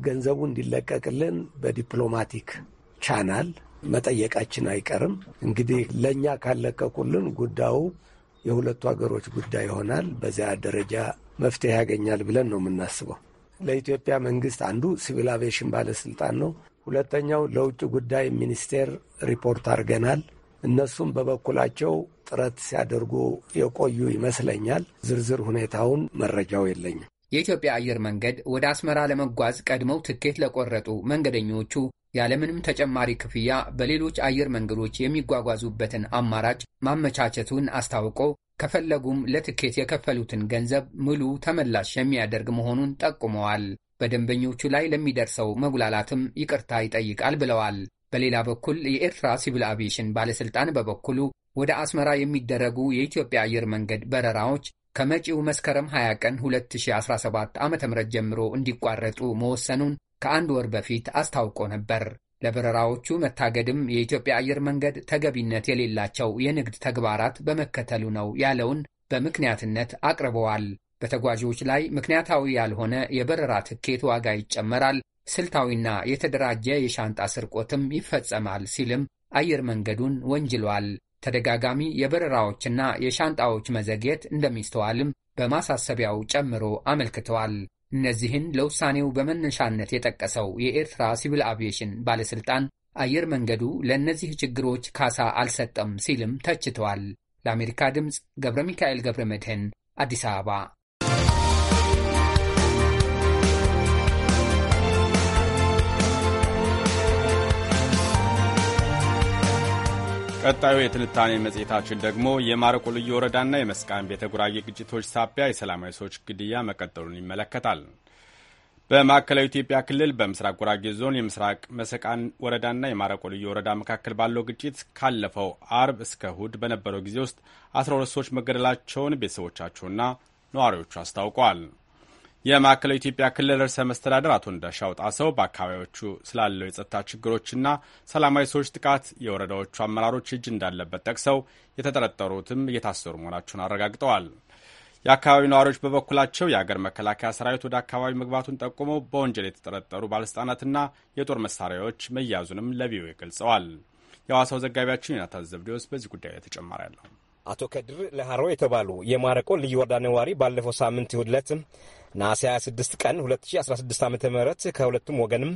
ገንዘቡ እንዲለቀቅልን በዲፕሎማቲክ ቻናል መጠየቃችን አይቀርም። እንግዲህ ለእኛ ካለቀቁልን ጉዳዩ የሁለቱ ሀገሮች ጉዳይ ይሆናል። በዚያ ደረጃ መፍትሄ ያገኛል ብለን ነው የምናስበው። ለኢትዮጵያ መንግስት አንዱ ሲቪል አቪዬሽን ባለስልጣን ነው። ሁለተኛው ለውጭ ጉዳይ ሚኒስቴር ሪፖርት አድርገናል። እነሱም በበኩላቸው ጥረት ሲያደርጉ የቆዩ ይመስለኛል። ዝርዝር ሁኔታውን መረጃው የለኝም። የኢትዮጵያ አየር መንገድ ወደ አስመራ ለመጓዝ ቀድመው ትኬት ለቆረጡ መንገደኞቹ ያለምንም ተጨማሪ ክፍያ በሌሎች አየር መንገዶች የሚጓጓዙበትን አማራጭ ማመቻቸቱን አስታውቆ ከፈለጉም ለትኬት የከፈሉትን ገንዘብ ሙሉ ተመላሽ የሚያደርግ መሆኑን ጠቁመዋል። በደንበኞቹ ላይ ለሚደርሰው መጉላላትም ይቅርታ ይጠይቃል ብለዋል። በሌላ በኩል የኤርትራ ሲቪል አቪዬሽን ባለሥልጣን በበኩሉ ወደ አስመራ የሚደረጉ የኢትዮጵያ አየር መንገድ በረራዎች ከመጪው መስከረም 20 ቀን 2017 ዓ ም ጀምሮ እንዲቋረጡ መወሰኑን ከአንድ ወር በፊት አስታውቆ ነበር። ለበረራዎቹ መታገድም የኢትዮጵያ አየር መንገድ ተገቢነት የሌላቸው የንግድ ተግባራት በመከተሉ ነው ያለውን በምክንያትነት አቅርበዋል። በተጓዦች ላይ ምክንያታዊ ያልሆነ የበረራ ትኬት ዋጋ ይጨመራል፣ ስልታዊና የተደራጀ የሻንጣ ስርቆትም ይፈጸማል ሲልም አየር መንገዱን ወንጅሏል። ተደጋጋሚ የበረራዎችና የሻንጣዎች መዘግየት እንደሚስተዋልም በማሳሰቢያው ጨምሮ አመልክተዋል። እነዚህን ለውሳኔው በመነሻነት የጠቀሰው የኤርትራ ሲቪል አቪዬሽን ባለሥልጣን አየር መንገዱ ለእነዚህ ችግሮች ካሳ አልሰጠም ሲልም ተችተዋል። ለአሜሪካ ድምፅ ገብረ ሚካኤል ገብረ መድህን አዲስ አበባ ቀጣዩ የትንታኔ መጽሔታችን ደግሞ የማረቆ ልዩ ወረዳና የመስቃን ቤተ ጉራጌ ግጭቶች ሳቢያ የሰላማዊ ሰዎች ግድያ መቀጠሉን ይመለከታል። በማዕከላዊ ኢትዮጵያ ክልል በምስራቅ ጉራጌ ዞን የምስራቅ መሰቃን ወረዳና የማረቆ ልዩ ወረዳ መካከል ባለው ግጭት ካለፈው አርብ እስከ እሁድ በነበረው ጊዜ ውስጥ አስራ ሁለት ሰዎች መገደላቸውን ቤተሰቦቻቸውና ነዋሪዎቹ አስታውቀዋል። የማዕከላዊ ኢትዮጵያ ክልል ርዕሰ መስተዳደር አቶ እንዳሻው ጣሰው በአካባቢዎቹ ስላለው የጸጥታ ችግሮችና ሰላማዊ ሰዎች ጥቃት የወረዳዎቹ አመራሮች እጅ እንዳለበት ጠቅሰው የተጠረጠሩትም እየታሰሩ መሆናቸውን አረጋግጠዋል። የአካባቢው ነዋሪዎች በበኩላቸው የአገር መከላከያ ሰራዊት ወደ አካባቢ መግባቱን ጠቁመው በወንጀል የተጠረጠሩ ባለስልጣናትና የጦር መሳሪያዎች መያዙንም ለቪኦኤ ገልጸዋል። የሐዋሳው ዘጋቢያችን ዮናታን ዘብዴዎስ በዚህ ጉዳይ ላይ ተጨማሪ አለው። አቶ ከድር ለሀሮ የተባሉ የማረቆ ልዩ ወረዳ ነዋሪ ባለፈው ሳምንት ይሁድለት ነሐሴ 26 ቀን 2016 ዓ ም ከሁለቱም ወገንም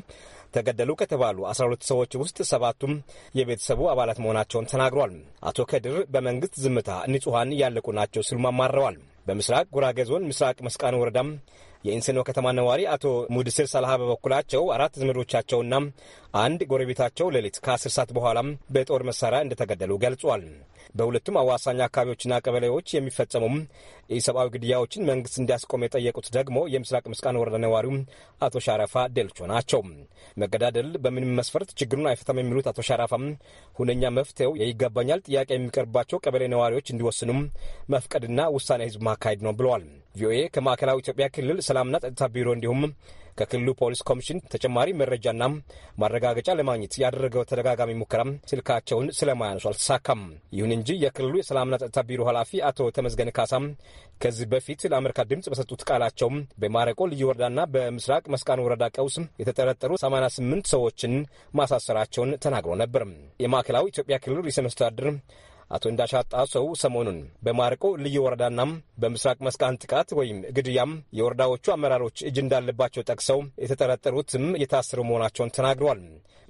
ተገደሉ ከተባሉ 12 ሰዎች ውስጥ ሰባቱም የቤተሰቡ አባላት መሆናቸውን ተናግሯል። አቶ ከድር በመንግስት ዝምታ ንጹሐን እያለቁ ናቸው ሲሉም አማረዋል። በምስራቅ ጉራጌ ዞን ምስራቅ መስቃን ወረዳም የኢንሴኖ ከተማ ነዋሪ አቶ ሙድስር ሰላሃ በበኩላቸው አራት ዘመዶቻቸውና አንድ ጎረቤታቸው ሌሊት ከ ሰዓት በኋላም በጦር መሳሪያ እንደተገደሉ ገልጿል። በሁለቱም አዋሳኝ አካባቢዎችና ቀበሌዎች የሚፈጸሙም የሰብአዊ ግድያዎችን መንግስት እንዲያስቆም የጠየቁት ደግሞ የምስራቅ ምስቃን ወረዳ ነዋሪው አቶ ሻረፋ ደልቾ ናቸው። መገዳደል በምንም መስፈርት ችግሩን አይፈታም የሚሉት አቶ ሻረፋም ሁነኛ መፍትሄው የይገባኛል ጥያቄ የሚቀርባቸው ቀበሌ ነዋሪዎች እንዲወስኑም መፍቀድና ውሳኔ ህዝብ ማካሄድ ነው ብለዋል። ቪኦኤ ከማዕከላዊ ኢትዮጵያ ክልል ሰላምና ጸጥታ ቢሮ እንዲሁም ከክልሉ ፖሊስ ኮሚሽን ተጨማሪ መረጃና ማረጋገጫ ለማግኘት ያደረገው ተደጋጋሚ ሙከራ ስልካቸውን ስለማያነሱ አልተሳካም። ይሁን እንጂ የክልሉ የሰላምና ጸጥታ ቢሮ ኃላፊ አቶ ተመዝገን ካሳ ከዚህ በፊት ለአሜሪካ ድምፅ በሰጡት ቃላቸው በማረቆ ልዩ ወረዳና በምስራቅ መስቃን ወረዳ ቀውስ የተጠረጠሩ 88 ሰዎችን ማሳሰራቸውን ተናግሮ ነበር። የማዕከላዊ ኢትዮጵያ ክልል ርዕሰ መስተዳድር አቶ እንዳሻጣ ሰው ሰሞኑን በማረቆ ልዩ ወረዳና በምስራቅ መስቃን ጥቃት ወይም ግድያም የወረዳዎቹ አመራሮች እጅ እንዳለባቸው ጠቅሰው የተጠረጠሩትም የታሰሩ መሆናቸውን ተናግረዋል።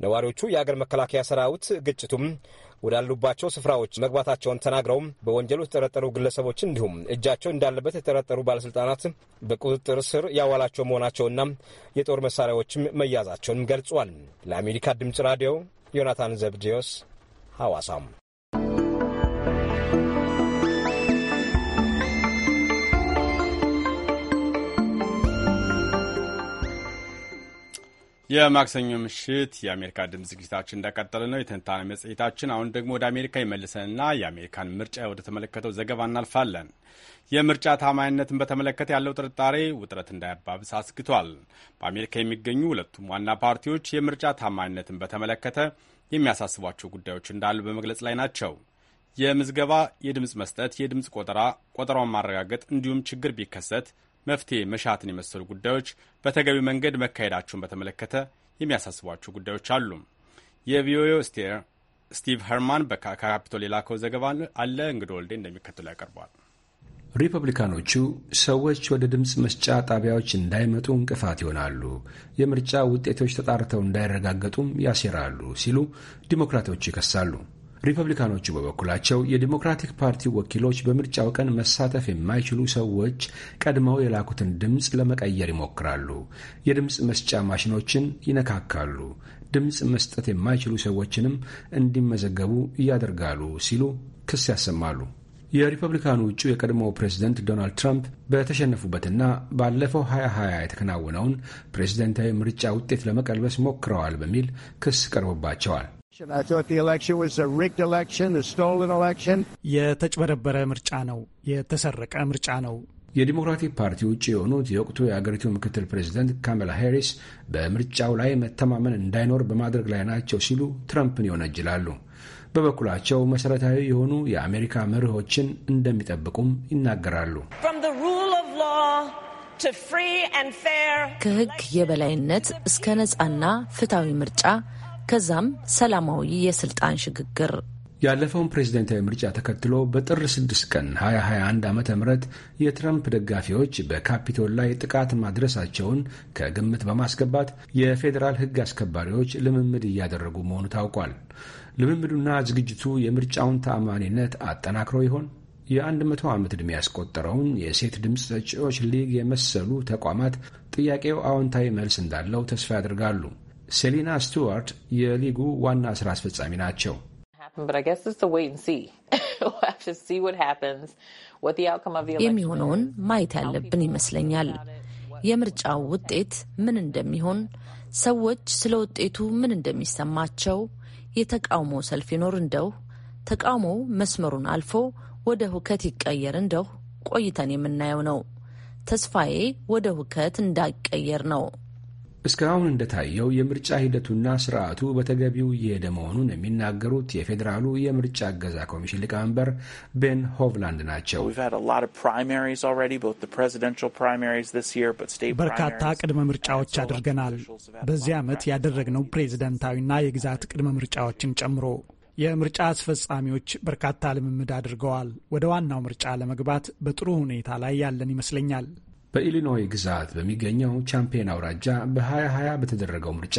ነዋሪዎቹ የአገር መከላከያ ሰራዊት ግጭቱም ወዳሉባቸው ስፍራዎች መግባታቸውን ተናግረው በወንጀሉ የተጠረጠሩ ግለሰቦች እንዲሁም እጃቸው እንዳለበት የተጠረጠሩ ባለስልጣናት በቁጥጥር ስር ያዋላቸው መሆናቸውና የጦር መሳሪያዎችም መያዛቸውንም ገልጿል። ለአሜሪካ ድምጽ ራዲዮ ዮናታን ዘብዲዮስ ሐዋሳም የማክሰኞ ምሽት የአሜሪካ ድምፅ ዝግጅታችን እንደቀጠለ ነው። የትንታኔ መጽሔታችን አሁን ደግሞ ወደ አሜሪካ ይመልሰንና የአሜሪካን ምርጫ ወደ ተመለከተው ዘገባ እናልፋለን። የምርጫ ታማኝነትን በተመለከተ ያለው ጥርጣሬ ውጥረት እንዳያባብስ አስግቷል። በአሜሪካ የሚገኙ ሁለቱም ዋና ፓርቲዎች የምርጫ ታማኝነትን በተመለከተ የሚያሳስቧቸው ጉዳዮች እንዳሉ በመግለጽ ላይ ናቸው። የምዝገባ፣ የድምፅ መስጠት፣ የድምፅ ቆጠራ፣ ቆጠራውን ማረጋገጥ እንዲሁም ችግር ቢከሰት መፍትሄ መሻትን የመሰሉ ጉዳዮች በተገቢ መንገድ መካሄዳቸውን በተመለከተ የሚያሳስቧቸው ጉዳዮች አሉ። ስቴር ስቲቭ ሄርማን ከካፒቶል የላከው ዘገባ አለ። እንግዶ ወልዴ እንደሚከተሉ ያቀርቧል። ሪፐብሊካኖቹ ሰዎች ወደ ድምፅ መስጫ ጣቢያዎች እንዳይመጡ እንቅፋት ይሆናሉ፣ የምርጫ ውጤቶች ተጣርተው እንዳይረጋገጡም ያሴራሉ ሲሉ ዲሞክራቶች ይከሳሉ። ሪፐብሊካኖቹ በበኩላቸው የዲሞክራቲክ ፓርቲ ወኪሎች በምርጫው ቀን መሳተፍ የማይችሉ ሰዎች ቀድመው የላኩትን ድምፅ ለመቀየር ይሞክራሉ። የድምፅ መስጫ ማሽኖችን ይነካካሉ። ድምፅ መስጠት የማይችሉ ሰዎችንም እንዲመዘገቡ እያደርጋሉ ሲሉ ክስ ያሰማሉ። የሪፐብሊካኑ እጩ የቀድሞ ፕሬዝደንት ዶናልድ ትራምፕ በተሸነፉበትና ባለፈው 2020 የተከናወነውን ፕሬዝደንታዊ ምርጫ ውጤት ለመቀልበስ ሞክረዋል በሚል ክስ ቀርቦባቸዋል። የተጭበረበረ ምርጫ ነው፣ የተሰረቀ ምርጫ ነው። የዲሞክራቲክ ፓርቲ ውጭ የሆኑት የወቅቱ የአገሪቱ ምክትል ፕሬዚደንት ካማላ ሄሪስ በምርጫው ላይ መተማመን እንዳይኖር በማድረግ ላይ ናቸው ሲሉ ትረምፕን ይወነጅላሉ። በበኩላቸው መሠረታዊ የሆኑ የአሜሪካ መርሆችን እንደሚጠብቁም ይናገራሉ። ከሕግ የበላይነት እስከ ነፃና ፍትሐዊ ምርጫ ከዛም ሰላማዊ የስልጣን ሽግግር ያለፈውን ፕሬዝደንታዊ ምርጫ ተከትሎ በጥር 6 ቀን 2021 ዓ ም የትራምፕ ደጋፊዎች በካፒቶል ላይ ጥቃት ማድረሳቸውን ከግምት በማስገባት የፌዴራል ሕግ አስከባሪዎች ልምምድ እያደረጉ መሆኑ ታውቋል። ልምምዱና ዝግጅቱ የምርጫውን ተአማኒነት አጠናክሮ ይሆን? የ100 ዓመት ዕድሜ ያስቆጠረውን የሴት ድምፅ ሰጪዎች ሊግ የመሰሉ ተቋማት ጥያቄው አዎንታዊ መልስ እንዳለው ተስፋ ያደርጋሉ። ሴሊና ስቱዋርት የሊጉ ዋና ስራ አስፈጻሚ ናቸው። (laughs) የሚሆነውን ማየት ያለብን ይመስለኛል። የምርጫው ውጤት ምን እንደሚሆን፣ ሰዎች ስለ ውጤቱ ምን እንደሚሰማቸው፣ የተቃውሞ ሰልፍ ይኖር እንደው፣ ተቃውሞ መስመሩን አልፎ ወደ ሁከት ይቀየር እንደው ቆይተን የምናየው ነው። ተስፋዬ ወደ ሁከት እንዳይቀየር ነው። እስካሁን እንደታየው የምርጫ ሂደቱና ስርዓቱ በተገቢው እየሄደ መሆኑን የሚናገሩት የፌዴራሉ የምርጫ እገዛ ኮሚሽን ሊቀመንበር ቤን ሆቭላንድ ናቸው። በርካታ ቅድመ ምርጫዎች አድርገናል። በዚህ ዓመት ያደረግነው ፕሬዝደንታዊና የግዛት ቅድመ ምርጫዎችን ጨምሮ የምርጫ አስፈጻሚዎች በርካታ ልምምድ አድርገዋል። ወደ ዋናው ምርጫ ለመግባት በጥሩ ሁኔታ ላይ ያለን ይመስለኛል። በኢሊኖይ ግዛት በሚገኘው ቻምፔን አውራጃ በ2020 በተደረገው ምርጫ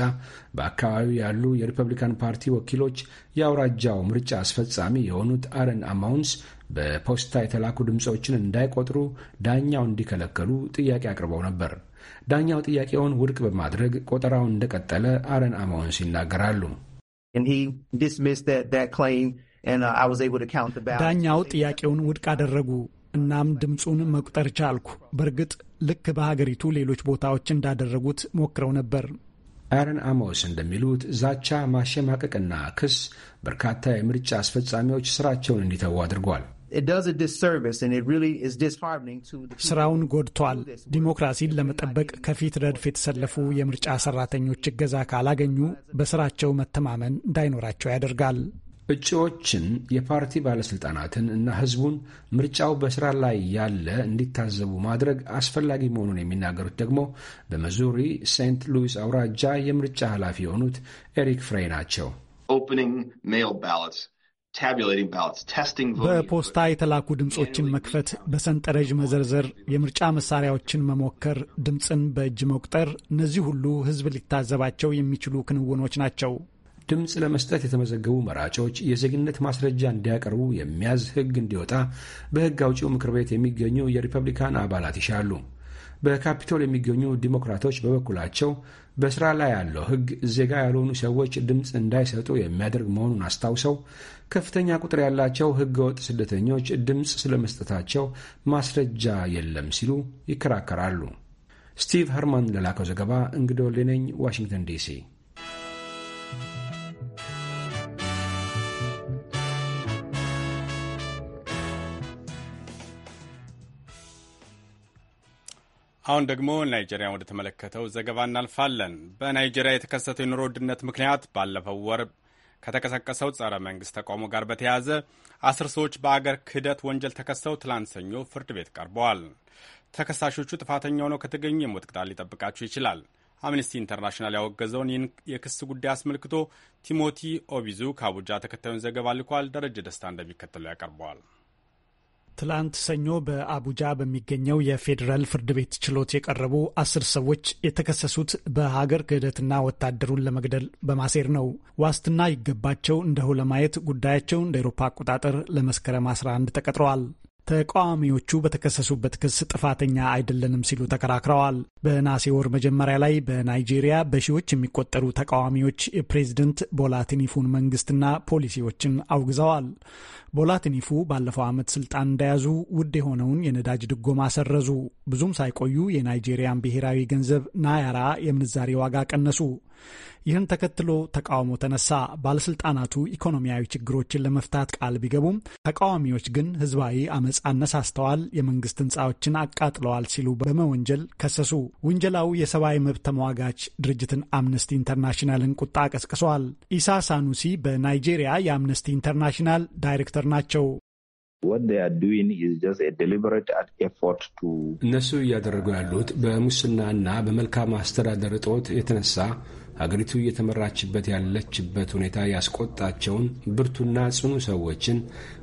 በአካባቢው ያሉ የሪፐብሊካን ፓርቲ ወኪሎች የአውራጃው ምርጫ አስፈጻሚ የሆኑት አረን አማውንስ በፖስታ የተላኩ ድምፆችን እንዳይቆጥሩ ዳኛው እንዲከለከሉ ጥያቄ አቅርበው ነበር። ዳኛው ጥያቄውን ውድቅ በማድረግ ቆጠራውን እንደቀጠለ አረን አማውንስ ይናገራሉ። uh, ዳኛው ጥያቄውን ውድቅ አደረጉ። እናም ድምፁን መቁጠር ቻልኩ። በእርግጥ ልክ በሀገሪቱ ሌሎች ቦታዎች እንዳደረጉት ሞክረው ነበር። አረን አሞስ እንደሚሉት ዛቻ፣ ማሸማቀቅና ክስ በርካታ የምርጫ አስፈጻሚዎች ስራቸውን እንዲተዉ አድርጓል። ስራውን ጎድቷል። ዲሞክራሲን ለመጠበቅ ከፊት ረድፍ የተሰለፉ የምርጫ ሰራተኞች እገዛ ካላገኙ በስራቸው መተማመን እንዳይኖራቸው ያደርጋል። እጩዎችን፣ የፓርቲ ባለሥልጣናትን እና ሕዝቡን ምርጫው በሥራ ላይ ያለ እንዲታዘቡ ማድረግ አስፈላጊ መሆኑን የሚናገሩት ደግሞ በመዙሪ ሴንት ሉዊስ አውራጃ የምርጫ ኃላፊ የሆኑት ኤሪክ ፍሬይ ናቸው። በፖስታ የተላኩ ድምፆችን መክፈት፣ በሰንጠረዥ መዘርዘር፣ የምርጫ መሳሪያዎችን መሞከር፣ ድምፅን በእጅ መቁጠር፣ እነዚህ ሁሉ ሕዝብ ሊታዘባቸው የሚችሉ ክንውኖች ናቸው። ድምፅ ለመስጠት የተመዘገቡ መራጮች የዜግነት ማስረጃ እንዲያቀርቡ የሚያዝ ሕግ እንዲወጣ በሕግ አውጪው ምክር ቤት የሚገኙ የሪፐብሊካን አባላት ይሻሉ። በካፒቶል የሚገኙ ዲሞክራቶች በበኩላቸው በስራ ላይ ያለው ሕግ ዜጋ ያልሆኑ ሰዎች ድምፅ እንዳይሰጡ የሚያደርግ መሆኑን አስታውሰው ከፍተኛ ቁጥር ያላቸው ሕገወጥ ስደተኞች ድምፅ ስለመስጠታቸው ማስረጃ የለም ሲሉ ይከራከራሉ። ስቲቭ ሀርማን ለላከው ዘገባ እንግዶ ሌነኝ ዋሽንግተን ዲሲ አሁን ደግሞ ናይጄሪያን ወደ ተመለከተው ዘገባ እናልፋለን። በናይጄሪያ የተከሰተው የኑሮ ውድነት ምክንያት ባለፈው ወር ከተቀሰቀሰው ጸረ መንግስት ተቃውሞ ጋር በተያያዘ አስር ሰዎች በአገር ክህደት ወንጀል ተከሰው ትላንት ሰኞ ፍርድ ቤት ቀርበዋል። ተከሳሾቹ ጥፋተኛ ሆነው ከተገኙ የሞት ቅጣት ሊጠብቃቸው ይችላል። አምነስቲ ኢንተርናሽናል ያወገዘውን ይህን የክስ ጉዳይ አስመልክቶ ቲሞቲ ኦቢዙ ከአቡጃ ተከታዩን ዘገባ ልኳል። ደረጀ ደስታ እንደሚከተለው ያቀርበዋል። ትላንት ሰኞ በአቡጃ በሚገኘው የፌዴራል ፍርድ ቤት ችሎት የቀረቡ አስር ሰዎች የተከሰሱት በሀገር ክህደትና ወታደሩን ለመግደል በማሴር ነው። ዋስትና ይገባቸው እንደሁ ለማየት ጉዳያቸው እንደ ኤሮፓ አቆጣጠር ለመስከረም 11 ተቀጥረዋል። ተቃዋሚዎቹ በተከሰሱበት ክስ ጥፋተኛ አይደለንም ሲሉ ተከራክረዋል። በነሐሴ ወር መጀመሪያ ላይ በናይጄሪያ በሺዎች የሚቆጠሩ ተቃዋሚዎች የፕሬዝደንት ቦላ መንግስትና ፖሊሲዎችን አውግዘዋል። ቦላ ባለፈው ዓመት ስልጣን እንደያዙ ውድ የሆነውን የነዳጅ ድጎማ ሰረዙ። ብዙም ሳይቆዩ የናይጄሪያን ብሔራዊ ገንዘብ ናያራ የምንዛሬ ዋጋ ቀነሱ። ይህን ተከትሎ ተቃውሞ ተነሳ። ባለስልጣናቱ ኢኮኖሚያዊ ችግሮችን ለመፍታት ቃል ቢገቡም ተቃዋሚዎች ግን ህዝባዊ አመፅ አነሳስተዋል፣ የመንግስት ህንፃዎችን አቃጥለዋል ሲሉ በመወንጀል ከሰሱ። ውንጀላው የሰብአዊ መብት ተሟጋች ድርጅትን አምነስቲ ኢንተርናሽናልን ቁጣ ቀስቅሰዋል። ኢሳ ሳኑሲ በናይጄሪያ የአምነስቲ ኢንተርናሽናል ዳይሬክተር ናቸው። እነሱ እያደረጉ ያሉት በሙስና እና በመልካም አስተዳደር እጦት የተነሳ አገሪቱ እየተመራችበት ያለችበት ሁኔታ ያስቆጣቸውን ብርቱና ጽኑ ሰዎችን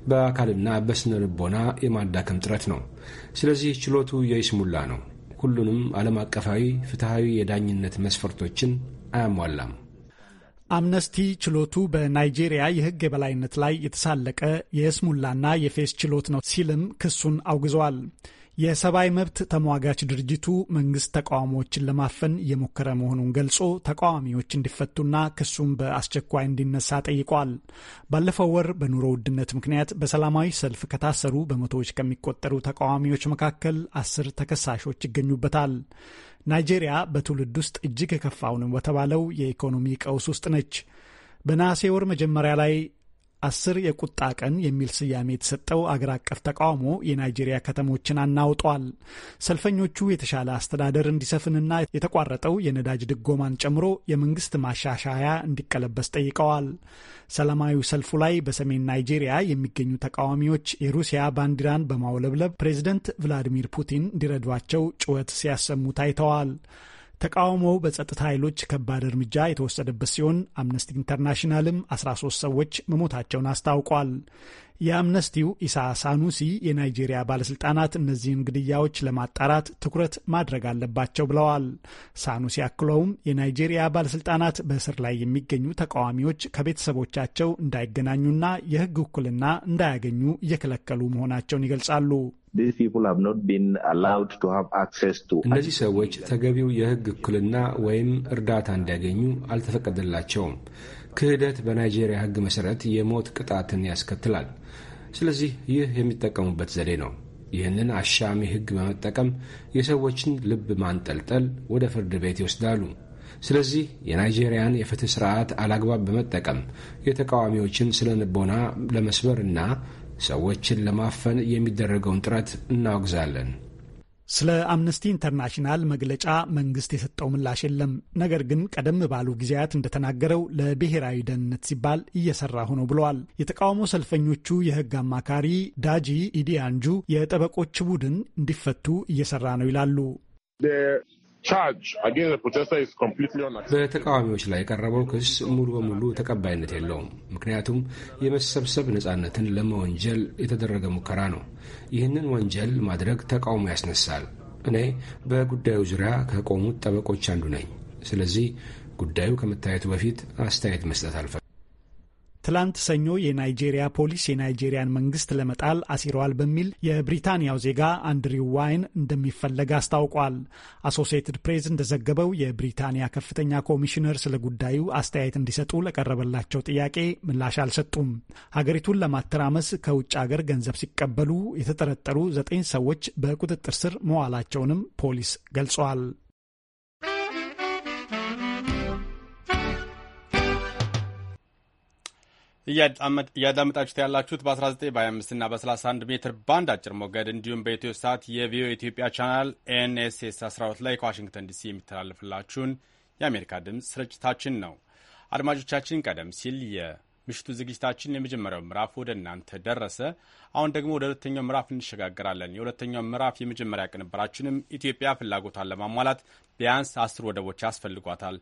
በአካልና በስነ ልቦና የማዳከም ጥረት ነው። ስለዚህ ችሎቱ የይስሙላ ነው። ሁሉንም ዓለም አቀፋዊ ፍትሐዊ የዳኝነት መስፈርቶችን አያሟላም። አምነስቲ ችሎቱ በናይጄሪያ የሕግ የበላይነት ላይ የተሳለቀ የስሙላና የፌስ ችሎት ነው ሲልም ክሱን አውግዘዋል። የሰብአዊ መብት ተሟጋች ድርጅቱ መንግስት ተቃዋሚዎችን ለማፈን እየሞከረ መሆኑን ገልጾ ተቃዋሚዎች እንዲፈቱና ክሱም በአስቸኳይ እንዲነሳ ጠይቋል። ባለፈው ወር በኑሮ ውድነት ምክንያት በሰላማዊ ሰልፍ ከታሰሩ በመቶዎች ከሚቆጠሩ ተቃዋሚዎች መካከል አስር ተከሳሾች ይገኙበታል። ናይጄሪያ በትውልድ ውስጥ እጅግ የከፋውን በተባለው የኢኮኖሚ ቀውስ ውስጥ ነች። በነሐሴ ወር መጀመሪያ ላይ አስር የቁጣ ቀን የሚል ስያሜ የተሰጠው አገር አቀፍ ተቃውሞ የናይጄሪያ ከተሞችን አናውጧል። ሰልፈኞቹ የተሻለ አስተዳደር እንዲሰፍንና የተቋረጠው የነዳጅ ድጎማን ጨምሮ የመንግስት ማሻሻያ እንዲቀለበስ ጠይቀዋል። ሰላማዊ ሰልፉ ላይ በሰሜን ናይጄሪያ የሚገኙ ተቃዋሚዎች የሩሲያ ባንዲራን በማውለብለብ ፕሬዚደንት ቭላዲሚር ፑቲን እንዲረዷቸው ጩኸት ሲያሰሙ ታይተዋል። ተቃውሞው በጸጥታ ኃይሎች ከባድ እርምጃ የተወሰደበት ሲሆን አምነስቲ ኢንተርናሽናልም 13 ሰዎች መሞታቸውን አስታውቋል። የአምነስቲው ኢሳ ሳኑሲ የናይጄሪያ ባለስልጣናት እነዚህን ግድያዎች ለማጣራት ትኩረት ማድረግ አለባቸው ብለዋል። ሳኑሲ አክለውም የናይጄሪያ ባለስልጣናት በእስር ላይ የሚገኙ ተቃዋሚዎች ከቤተሰቦቻቸው እንዳይገናኙና የሕግ ውክልና እንዳያገኙ እየከለከሉ መሆናቸውን ይገልጻሉ። እነዚህ ሰዎች ተገቢው የሕግ ውክልና ወይም እርዳታ እንዲያገኙ አልተፈቀደላቸውም። ክህደት በናይጄሪያ ሕግ መሰረት የሞት ቅጣትን ያስከትላል። ስለዚህ ይህ የሚጠቀሙበት ዘዴ ነው። ይህንን አሻሚ ሕግ በመጠቀም የሰዎችን ልብ ማንጠልጠል ወደ ፍርድ ቤት ይወስዳሉ። ስለዚህ የናይጄሪያን የፍትህ ስርዓት አላግባብ በመጠቀም የተቃዋሚዎችን ስነ ልቦና ለመስበር እና ሰዎችን ለማፈን የሚደረገውን ጥረት እናወግዛለን። ስለ አምነስቲ ኢንተርናሽናል መግለጫ መንግስት የሰጠው ምላሽ የለም። ነገር ግን ቀደም ባሉ ጊዜያት እንደተናገረው ለብሔራዊ ደህንነት ሲባል እየሰራ ሆኖ ብለዋል። የተቃውሞ ሰልፈኞቹ የህግ አማካሪ ዳጂ ኢዲያንጁ የጠበቆች ቡድን እንዲፈቱ እየሰራ ነው ይላሉ። በተቃዋሚዎች ላይ የቀረበው ክስ ሙሉ በሙሉ ተቀባይነት የለውም። ምክንያቱም የመሰብሰብ ነጻነትን ለመወንጀል የተደረገ ሙከራ ነው። ይህንን ወንጀል ማድረግ ተቃውሞ ያስነሳል። እኔ በጉዳዩ ዙሪያ ከቆሙት ጠበቆች አንዱ ነኝ። ስለዚህ ጉዳዩ ከመታየቱ በፊት አስተያየት መስጠት አልፈ ትላንት ሰኞ የናይጄሪያ ፖሊስ የናይጄሪያን መንግስት ለመጣል አሲረዋል በሚል የብሪታንያው ዜጋ አንድሪው ዋይን እንደሚፈለግ አስታውቋል። አሶሲየትድ ፕሬስ እንደዘገበው የብሪታንያ ከፍተኛ ኮሚሽነር ስለ ጉዳዩ አስተያየት እንዲሰጡ ለቀረበላቸው ጥያቄ ምላሽ አልሰጡም። ሀገሪቱን ለማተራመስ ከውጭ ሀገር ገንዘብ ሲቀበሉ የተጠረጠሩ ዘጠኝ ሰዎች በቁጥጥር ስር መዋላቸውንም ፖሊስ ገልጿል። እያዳመጣችሁት ያላችሁት በ19 በ25 ና በ31 ሜትር ባንድ አጭር ሞገድ እንዲሁም በኢትዮ ሰዓት የቪኦኤ ኢትዮጵያ ቻናል ኤንኤስኤስ 12 ላይ ከዋሽንግተን ዲሲ የሚተላለፍላችሁን የአሜሪካ ድምፅ ስርጭታችን ነው። አድማጮቻችን፣ ቀደም ሲል የምሽቱ ዝግጅታችን የመጀመሪያው ምዕራፍ ወደ እናንተ ደረሰ። አሁን ደግሞ ወደ ሁለተኛው ምዕራፍ እንሸጋግራለን። የሁለተኛው ምዕራፍ የመጀመሪያ ቅንብራችንም ኢትዮጵያ ፍላጎቷን ለማሟላት ቢያንስ አስር ወደቦች ያስፈልጓታል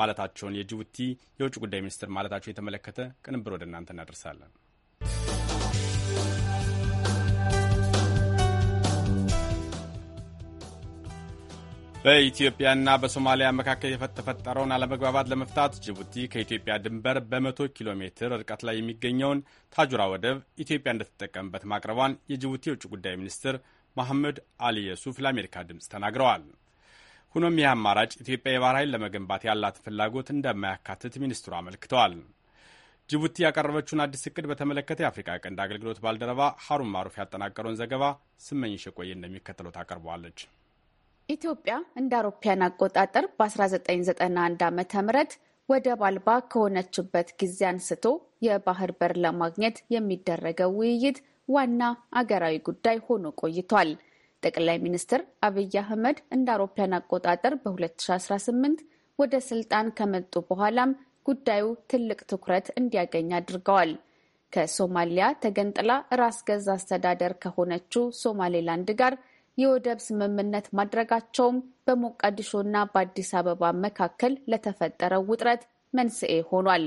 ማለታቸውን የጅቡቲ የውጭ ጉዳይ ሚኒስትር ማለታቸው የተመለከተ ቅንብር ወደ እናንተ እናደርሳለን። በኢትዮጵያና በሶማሊያ መካከል የተፈጠረውን አለመግባባት ለመፍታት ጅቡቲ ከኢትዮጵያ ድንበር በመቶ ኪሎ ሜትር ርቀት ላይ የሚገኘውን ታጁራ ወደብ ኢትዮጵያ እንደተጠቀምበት ማቅረቧን የጅቡቲ የውጭ ጉዳይ ሚኒስትር መሐመድ አሊ የሱፍ ለአሜሪካ ድምፅ ተናግረዋል። ሆኖም ይህ አማራጭ ኢትዮጵያ የባህር ኃይል ለመገንባት ያላትን ፍላጎት እንደማያካትት ሚኒስትሩ አመልክተዋል። ጅቡቲ ያቀረበችውን አዲስ እቅድ በተመለከተ የአፍሪካ ቀንድ አገልግሎት ባልደረባ ሀሩን ማሩፍ ያጠናቀረውን ዘገባ ስመኝሽ የቆየ እንደሚከተለው ታቀርበዋለች። ኢትዮጵያ እንደ አውሮፓያን አቆጣጠር በ1991 ዓ ም ወደብ አልባ ከሆነችበት ጊዜ አንስቶ የባህር በር ለማግኘት የሚደረገው ውይይት ዋና አገራዊ ጉዳይ ሆኖ ቆይቷል። ጠቅላይ ሚኒስትር አብይ አህመድ እንደ አውሮፓውያን አቆጣጠር በ2018 ወደ ስልጣን ከመጡ በኋላም ጉዳዩ ትልቅ ትኩረት እንዲያገኝ አድርገዋል። ከሶማሊያ ተገንጥላ ራስ ገዝ አስተዳደር ከሆነችው ሶማሌላንድ ጋር የወደብ ስምምነት ማድረጋቸውም በሞቃዲሾና በአዲስ አበባ መካከል ለተፈጠረው ውጥረት መንስኤ ሆኗል።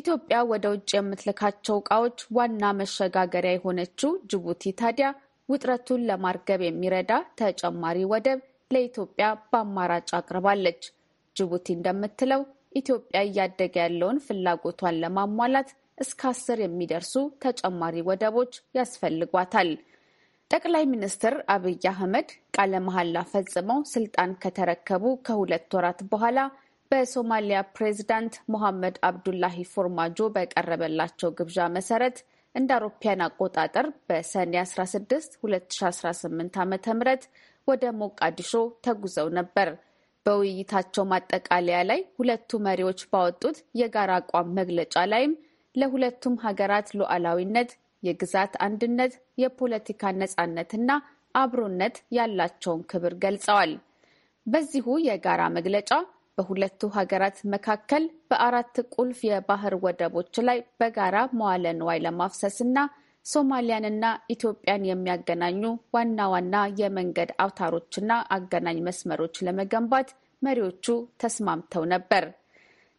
ኢትዮጵያ ወደ ውጭ የምትልካቸው ዕቃዎች ዋና መሸጋገሪያ የሆነችው ጅቡቲ ታዲያ ውጥረቱን ለማርገብ የሚረዳ ተጨማሪ ወደብ ለኢትዮጵያ በአማራጭ አቅርባለች። ጅቡቲ እንደምትለው ኢትዮጵያ እያደገ ያለውን ፍላጎቷን ለማሟላት እስከ አስር የሚደርሱ ተጨማሪ ወደቦች ያስፈልጓታል። ጠቅላይ ሚኒስትር አብይ አህመድ ቃለ መሐላ ፈጽመው ስልጣን ከተረከቡ ከሁለት ወራት በኋላ በሶማሊያ ፕሬዚዳንት ሞሐመድ አብዱላሂ ፎርማጆ በቀረበላቸው ግብዣ መሰረት እንደ አውሮፓያን አቆጣጠር በሰኔ 16 2018 ዓ ም ወደ ሞቃዲሾ ተጉዘው ነበር። በውይይታቸው ማጠቃለያ ላይ ሁለቱ መሪዎች ባወጡት የጋራ አቋም መግለጫ ላይም ለሁለቱም ሀገራት ሉዓላዊነት፣ የግዛት አንድነት፣ የፖለቲካ ነጻነትና አብሮነት ያላቸውን ክብር ገልጸዋል። በዚሁ የጋራ መግለጫ በሁለቱ ሀገራት መካከል በአራት ቁልፍ የባህር ወደቦች ላይ በጋራ መዋለ ንዋይ ለማፍሰስና ሶማሊያንና ኢትዮጵያን የሚያገናኙ ዋና ዋና የመንገድ አውታሮችና አገናኝ መስመሮች ለመገንባት መሪዎቹ ተስማምተው ነበር።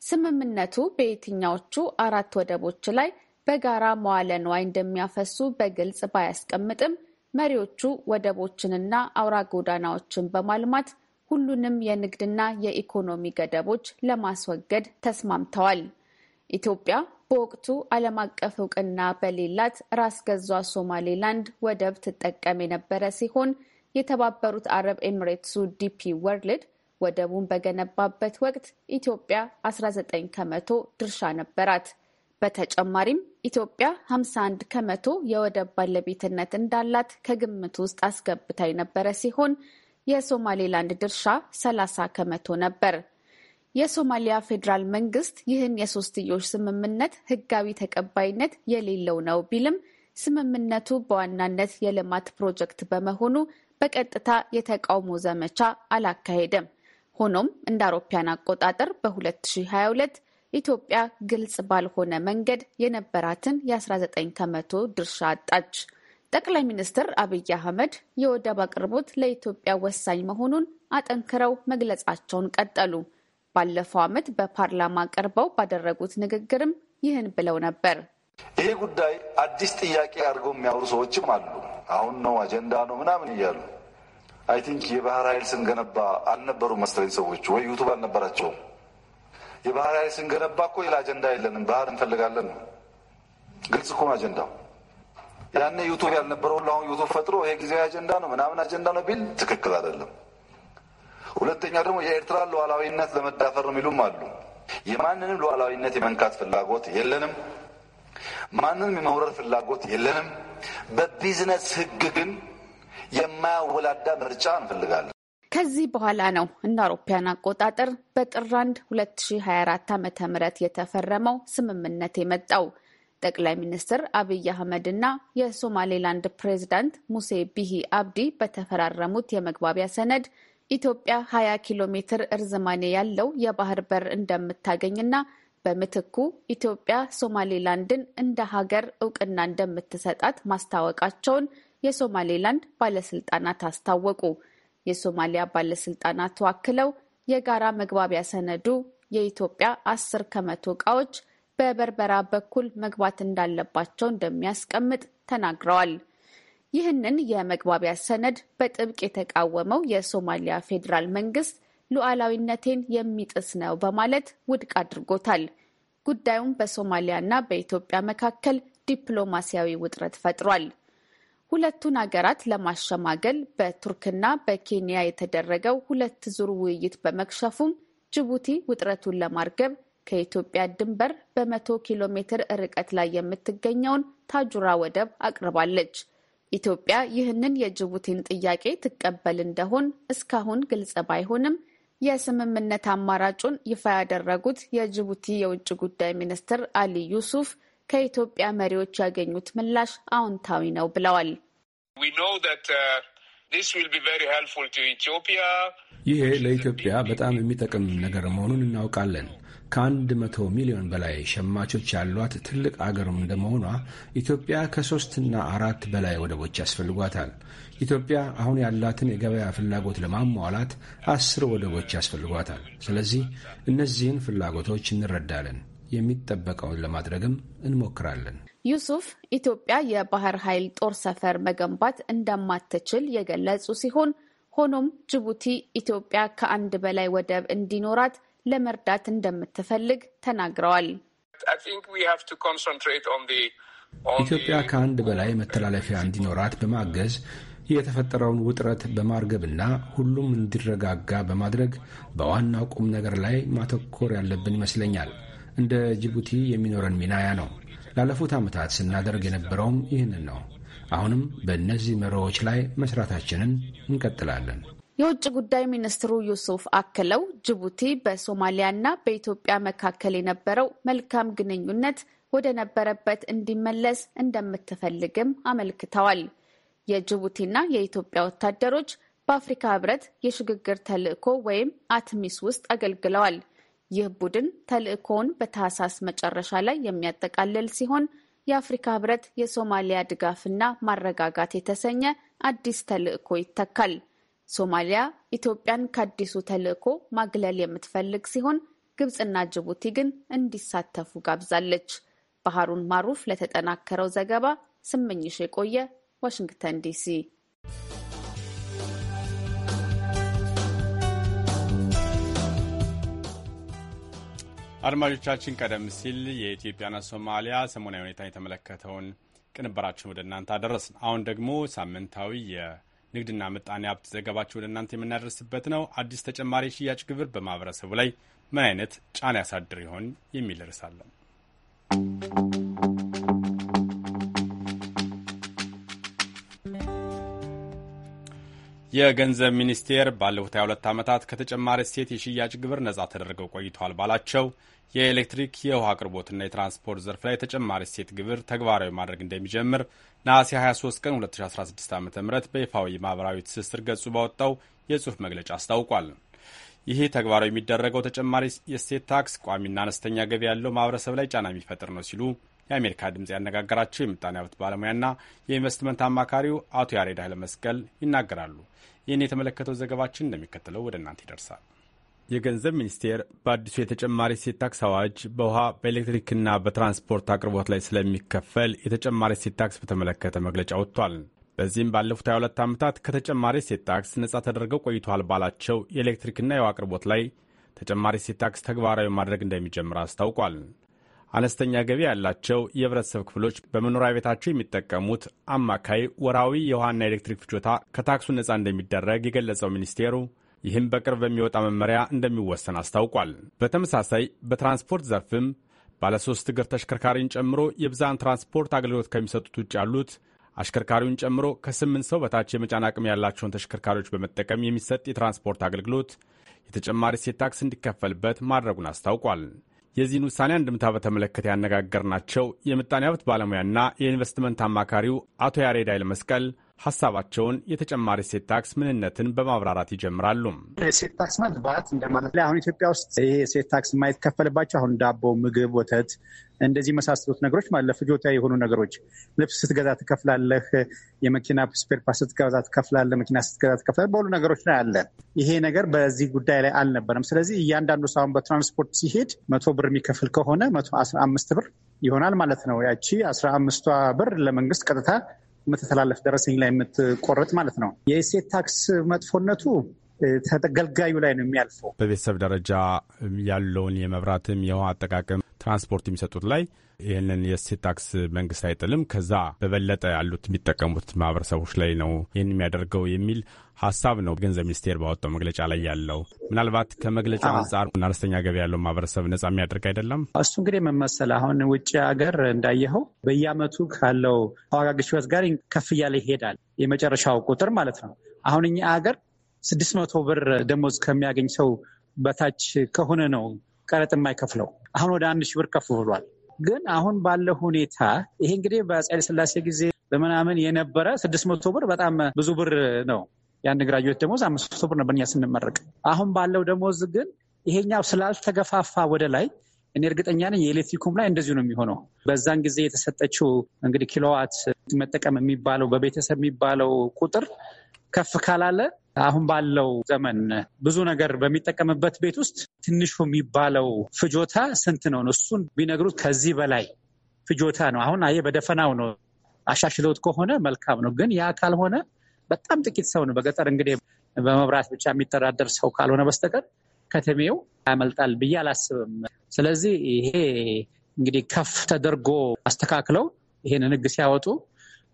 ስምምነቱ በየትኛዎቹ አራት ወደቦች ላይ በጋራ መዋለ ንዋይ እንደሚያፈሱ በግልጽ ባያስቀምጥም መሪዎቹ ወደቦችንና አውራ ጎዳናዎችን በማልማት ሁሉንም የንግድና የኢኮኖሚ ገደቦች ለማስወገድ ተስማምተዋል። ኢትዮጵያ በወቅቱ ዓለም አቀፍ እውቅና በሌላት ራስ ገዟ ሶማሌላንድ ወደብ ትጠቀም የነበረ ሲሆን የተባበሩት አረብ ኤሚሬትሱ ዲፒ ወርልድ ወደቡን በገነባበት ወቅት ኢትዮጵያ 19 ከመቶ ድርሻ ነበራት። በተጨማሪም ኢትዮጵያ 51 ከመቶ የወደብ ባለቤትነት እንዳላት ከግምት ውስጥ አስገብታ የነበረ ሲሆን የሶማሌላንድ ድርሻ 30 ከመቶ ነበር። የሶማሊያ ፌዴራል መንግስት ይህን የሶስትዮሽ ስምምነት ህጋዊ ተቀባይነት የሌለው ነው ቢልም ስምምነቱ በዋናነት የልማት ፕሮጀክት በመሆኑ በቀጥታ የተቃውሞ ዘመቻ አላካሄደም። ሆኖም እንደ አውሮፓያን አቆጣጠር በ2022 ኢትዮጵያ ግልጽ ባልሆነ መንገድ የነበራትን የ19 ከመቶ ድርሻ አጣች። ጠቅላይ ሚኒስትር አብይ አህመድ የወደብ አቅርቦት ለኢትዮጵያ ወሳኝ መሆኑን አጠንክረው መግለጻቸውን ቀጠሉ። ባለፈው ዓመት በፓርላማ ቀርበው ባደረጉት ንግግርም ይህን ብለው ነበር። ይህ ጉዳይ አዲስ ጥያቄ አድርገው የሚያወሩ ሰዎችም አሉ። አሁን ነው አጀንዳ ነው ምናምን እያሉ አይ ቲንክ የባህር ኃይል ስንገነባ አልነበሩ መሰለኝ ሰዎች ወይ ዩቱብ አልነበራቸውም። የባህር ኃይል ስንገነባ እኮ ሌላ አጀንዳ የለንም፣ ባህር እንፈልጋለን ነው። ግልጽ እኮ ነው አጀንዳው ያኔ ዩቱብ ያልነበረው ሁሉ አሁን ዩቱብ ፈጥሮ ይሄ ጊዜያዊ አጀንዳ ነው ምናምን አጀንዳ ነው ቢል ትክክል አይደለም። ሁለተኛ ደግሞ የኤርትራ ሉዓላዊነት ለመዳፈር ነው የሚሉም አሉ። የማንንም ሉዓላዊነት የመንካት ፍላጎት የለንም። ማንንም የመውረር ፍላጎት የለንም። በቢዝነስ ህግ ግን የማያወላዳ ምርጫ እንፈልጋለን። ከዚህ በኋላ ነው እንደ አውሮፓያን አቆጣጠር በጥር 1 2024 ዓ ም የተፈረመው ስምምነት የመጣው። ጠቅላይ ሚኒስትር አብይ አህመድ እና የሶማሌላንድ ፕሬዚዳንት ሙሴ ቢሂ አብዲ በተፈራረሙት የመግባቢያ ሰነድ ኢትዮጵያ 20 ኪሎ ሜትር እርዝማኔ ያለው የባህር በር እንደምታገኝና በምትኩ ኢትዮጵያ ሶማሌላንድን እንደ ሀገር እውቅና እንደምትሰጣት ማስታወቃቸውን የሶማሌላንድ ባለስልጣናት አስታወቁ። የሶማሊያ ባለስልጣናት አክለው የጋራ መግባቢያ ሰነዱ የኢትዮጵያ አስር ከመቶ እቃዎች በበርበራ በኩል መግባት እንዳለባቸው እንደሚያስቀምጥ ተናግረዋል። ይህንን የመግባቢያ ሰነድ በጥብቅ የተቃወመው የሶማሊያ ፌዴራል መንግስት ሉዓላዊነቴን የሚጥስ ነው በማለት ውድቅ አድርጎታል። ጉዳዩም በሶማሊያና በኢትዮጵያ መካከል ዲፕሎማሲያዊ ውጥረት ፈጥሯል። ሁለቱን አገራት ለማሸማገል በቱርክና በኬንያ የተደረገው ሁለት ዙር ውይይት በመክሸፉም ጅቡቲ ውጥረቱን ለማርገብ ከኢትዮጵያ ድንበር በመቶ ኪሎ ሜትር ርቀት ላይ የምትገኘውን ታጁራ ወደብ አቅርባለች። ኢትዮጵያ ይህንን የጅቡቲን ጥያቄ ትቀበል እንደሆን እስካሁን ግልጽ ባይሆንም የስምምነት አማራጩን ይፋ ያደረጉት የጅቡቲ የውጭ ጉዳይ ሚኒስትር አሊ ዩሱፍ ከኢትዮጵያ መሪዎች ያገኙት ምላሽ አዎንታዊ ነው ብለዋል። uh, ይሄ ለኢትዮጵያ በጣም የሚጠቅም ነገር መሆኑን እናውቃለን። ከአንድ መቶ ሚሊዮን በላይ ሸማቾች ያሏት ትልቅ አገር እንደመሆኗ ኢትዮጵያ ከሶስትና አራት በላይ ወደቦች ያስፈልጓታል። ኢትዮጵያ አሁን ያላትን የገበያ ፍላጎት ለማሟላት አስር ወደቦች ያስፈልጓታል። ስለዚህ እነዚህን ፍላጎቶች እንረዳለን፣ የሚጠበቀውን ለማድረግም እንሞክራለን። ዩሱፍ ኢትዮጵያ የባህር ኃይል ጦር ሰፈር መገንባት እንደማትችል የገለጹ ሲሆን ሆኖም ጅቡቲ ኢትዮጵያ ከአንድ በላይ ወደብ እንዲኖራት ለመርዳት እንደምትፈልግ ተናግረዋል። ኢትዮጵያ ከአንድ በላይ መተላለፊያ እንዲኖራት በማገዝ የተፈጠረውን ውጥረት በማርገብና ሁሉም እንዲረጋጋ በማድረግ በዋናው ቁም ነገር ላይ ማተኮር ያለብን ይመስለኛል። እንደ ጅቡቲ የሚኖረን ሚናያ ነው። ላለፉት ዓመታት ስናደርግ የነበረውም ይህንን ነው። አሁንም በእነዚህ መርሆዎች ላይ መስራታችንን እንቀጥላለን። የውጭ ጉዳይ ሚኒስትሩ ዩሱፍ አክለው ጅቡቲ በሶማሊያና በኢትዮጵያ መካከል የነበረው መልካም ግንኙነት ወደ ነበረበት እንዲመለስ እንደምትፈልግም አመልክተዋል። የጅቡቲና የኢትዮጵያ ወታደሮች በአፍሪካ ህብረት የሽግግር ተልዕኮ ወይም አትሚስ ውስጥ አገልግለዋል። ይህ ቡድን ተልዕኮውን በታህሳስ መጨረሻ ላይ የሚያጠቃልል ሲሆን የአፍሪካ ህብረት የሶማሊያ ድጋፍና ማረጋጋት የተሰኘ አዲስ ተልዕኮ ይተካል። ሶማሊያ ኢትዮጵያን ከአዲሱ ተልዕኮ ማግለል የምትፈልግ ሲሆን ግብፅና ጅቡቲ ግን እንዲሳተፉ ጋብዛለች። ባህሩን ማሩፍ ለተጠናከረው ዘገባ ስመኝሽ የቆየ ዋሽንግተን ዲሲ። አድማጮቻችን ቀደም ሲል የኢትዮጵያና ሶማሊያ ሰሞናዊ ሁኔታን የተመለከተውን ቅንበራችን ወደ እናንተ አደረስን። አሁን ደግሞ ሳምንታዊ ንግድና ምጣኔ ሀብት ዘገባቸው ወደ እናንተ የምናደርስበት ነው። አዲስ ተጨማሪ የሽያጭ ግብር በማህበረሰቡ ላይ ምን አይነት ጫና ያሳድር ይሆን የሚል ርዕስ አለን። የገንዘብ ሚኒስቴር ባለፉት 22 ዓመታት ከተጨማሪ እሴት የሽያጭ ግብር ነጻ ተደርገው ቆይተዋል ባላቸው የኤሌክትሪክ የውሃ አቅርቦትና የትራንስፖርት ዘርፍ ላይ ተጨማሪ እሴት ግብር ተግባራዊ ማድረግ እንደሚጀምር ነሐሴ 23 ቀን 2016 ዓ ም በይፋዊ ማኅበራዊ ትስስር ገጹ ባወጣው የጽሑፍ መግለጫ አስታውቋል። ይህ ተግባራዊ የሚደረገው ተጨማሪ የእሴት ታክስ ቋሚና አነስተኛ ገቢ ያለው ማህበረሰብ ላይ ጫና የሚፈጥር ነው ሲሉ የአሜሪካ ድምፅ ያነጋገራቸው የምጣኔ ሀብት ባለሙያና የኢንቨስትመንት አማካሪው አቶ ያሬድ ኃይለመስቀል ይናገራሉ። ይህን የተመለከተው ዘገባችን እንደሚከተለው ወደ እናንተ ይደርሳል። የገንዘብ ሚኒስቴር በአዲሱ የተጨማሪ እሴት ታክስ አዋጅ በውሃ በኤሌክትሪክና በትራንስፖርት አቅርቦት ላይ ስለሚከፈል የተጨማሪ እሴት ታክስ በተመለከተ መግለጫ ወጥቷል። በዚህም ባለፉት 22 ዓመታት ከተጨማሪ እሴት ታክስ ነጻ ተደርገው ቆይተዋል ባላቸው የኤሌክትሪክና የውሃ አቅርቦት ላይ ተጨማሪ እሴት ታክስ ተግባራዊ ማድረግ እንደሚጀምር አስታውቋል። አነስተኛ ገቢ ያላቸው የህብረተሰብ ክፍሎች በመኖሪያ ቤታቸው የሚጠቀሙት አማካይ ወርሃዊ የውሃና ኤሌክትሪክ ፍጆታ ከታክሱ ነፃ እንደሚደረግ የገለጸው ሚኒስቴሩ ይህም በቅርብ በሚወጣ መመሪያ እንደሚወሰን አስታውቋል። በተመሳሳይ በትራንስፖርት ዘርፍም ባለሶስት እግር ተሽከርካሪን ጨምሮ የብዛን ትራንስፖርት አገልግሎት ከሚሰጡት ውጭ ያሉት አሽከርካሪውን ጨምሮ ከስምንት ሰው በታች የመጫን አቅም ያላቸውን ተሽከርካሪዎች በመጠቀም የሚሰጥ የትራንስፖርት አገልግሎት የተጨማሪ እሴት ታክስ እንዲከፈልበት ማድረጉን አስታውቋል። የዚህን ውሳኔ አንድምታ በተመለከተ ያነጋገርናቸው የምጣኔ ሀብት ባለሙያና የኢንቨስትመንት አማካሪው አቶ ያሬድ ኃይለ መስቀል ሀሳባቸውን የተጨማሪ እሴት ታክስ ምንነትን በማብራራት ይጀምራሉ። እሴት ታክስ ማለት ባት እንደማለት ላይ አሁን ኢትዮጵያ ውስጥ ይሄ እሴት ታክስ የማይከፈልባቸው አሁን ዳቦ፣ ምግብ፣ ወተት እንደዚህ መሳሰሉት ነገሮች ማለት ፍጆታ የሆኑ ነገሮች ልብስ ስትገዛ ትከፍላለህ። የመኪና ስፔር ፓርት ስትገዛ ትከፍላለህ። መኪና ስትገዛ ትከፍላለህ። በሁሉ ነገሮች ላይ አለ። ይሄ ነገር በዚህ ጉዳይ ላይ አልነበረም። ስለዚህ እያንዳንዱ ሰው አሁን በትራንስፖርት ሲሄድ መቶ ብር የሚከፍል ከሆነ መቶ አስራ አምስት ብር ይሆናል ማለት ነው። ያቺ አስራ አምስቷ ብር ለመንግስት ቀጥታ የምትተላለፍ ደረሰኝ ላይ የምትቆረጥ ማለት ነው። የእሴት ታክስ መጥፎነቱ ተገልጋዩ ላይ ነው የሚያልፈው። በቤተሰብ ደረጃ ያለውን የመብራትም የውሃ አጠቃቀም፣ ትራንስፖርት የሚሰጡት ላይ ይህንን የእሴት ታክስ መንግስት አይጥልም፣ ከዛ በበለጠ ያሉት የሚጠቀሙት ማህበረሰቦች ላይ ነው ይህን የሚያደርገው የሚል ሀሳብ ነው ገንዘብ ሚኒስቴር ባወጣው መግለጫ ላይ ያለው። ምናልባት ከመግለጫ አንጻር አነስተኛ ገቢ ያለው ማህበረሰብ ነጻ የሚያደርግ አይደለም። እሱ እንግዲህ መመሰል አሁን ውጭ ሀገር እንዳየኸው በየአመቱ ካለው ዋጋ ግሽበት ጋር ከፍ እያለ ይሄዳል። የመጨረሻው ቁጥር ማለት ነው። አሁን እኛ ሀገር ስድስት መቶ ብር ደሞዝ ከሚያገኝ ሰው በታች ከሆነ ነው ቀረጥ የማይከፍለው። አሁን ወደ አንድ ሺህ ብር ከፍ ብሏል። ግን አሁን ባለው ሁኔታ ይሄ እንግዲህ በአፄ ኃይለሥላሴ ጊዜ በምናምን የነበረ ስድስት መቶ ብር በጣም ብዙ ብር ነው። ያን ግራጁዌት ደሞዝ አምስት መቶ ብር ነበር እኛ ስንመረቅ። አሁን ባለው ደሞዝ ግን ይሄኛው ስላልተገፋፋ ወደ ላይ እኔ እርግጠኛ ነኝ የኤሌክትሪኩም ላይ እንደዚሁ ነው የሚሆነው። በዛን ጊዜ የተሰጠችው እንግዲህ ኪሎዋት መጠቀም የሚባለው በቤተሰብ የሚባለው ቁጥር ከፍ ካላለ አሁን ባለው ዘመን ብዙ ነገር በሚጠቀምበት ቤት ውስጥ ትንሹ የሚባለው ፍጆታ ስንት ነው? እሱን ቢነግሩት ከዚህ በላይ ፍጆታ ነው። አሁን አየህ በደፈናው ነው። አሻሽለውት ከሆነ መልካም ነው። ግን ያ ካልሆነ በጣም ጥቂት ሰው ነው በገጠር እንግዲህ በመብራት ብቻ የሚተዳደር ሰው ካልሆነ በስተቀር ከተሜው ያመልጣል ብዬ አላስብም። ስለዚህ ይሄ እንግዲህ ከፍ ተደርጎ አስተካክለው ይሄንን ሕግ ሲያወጡ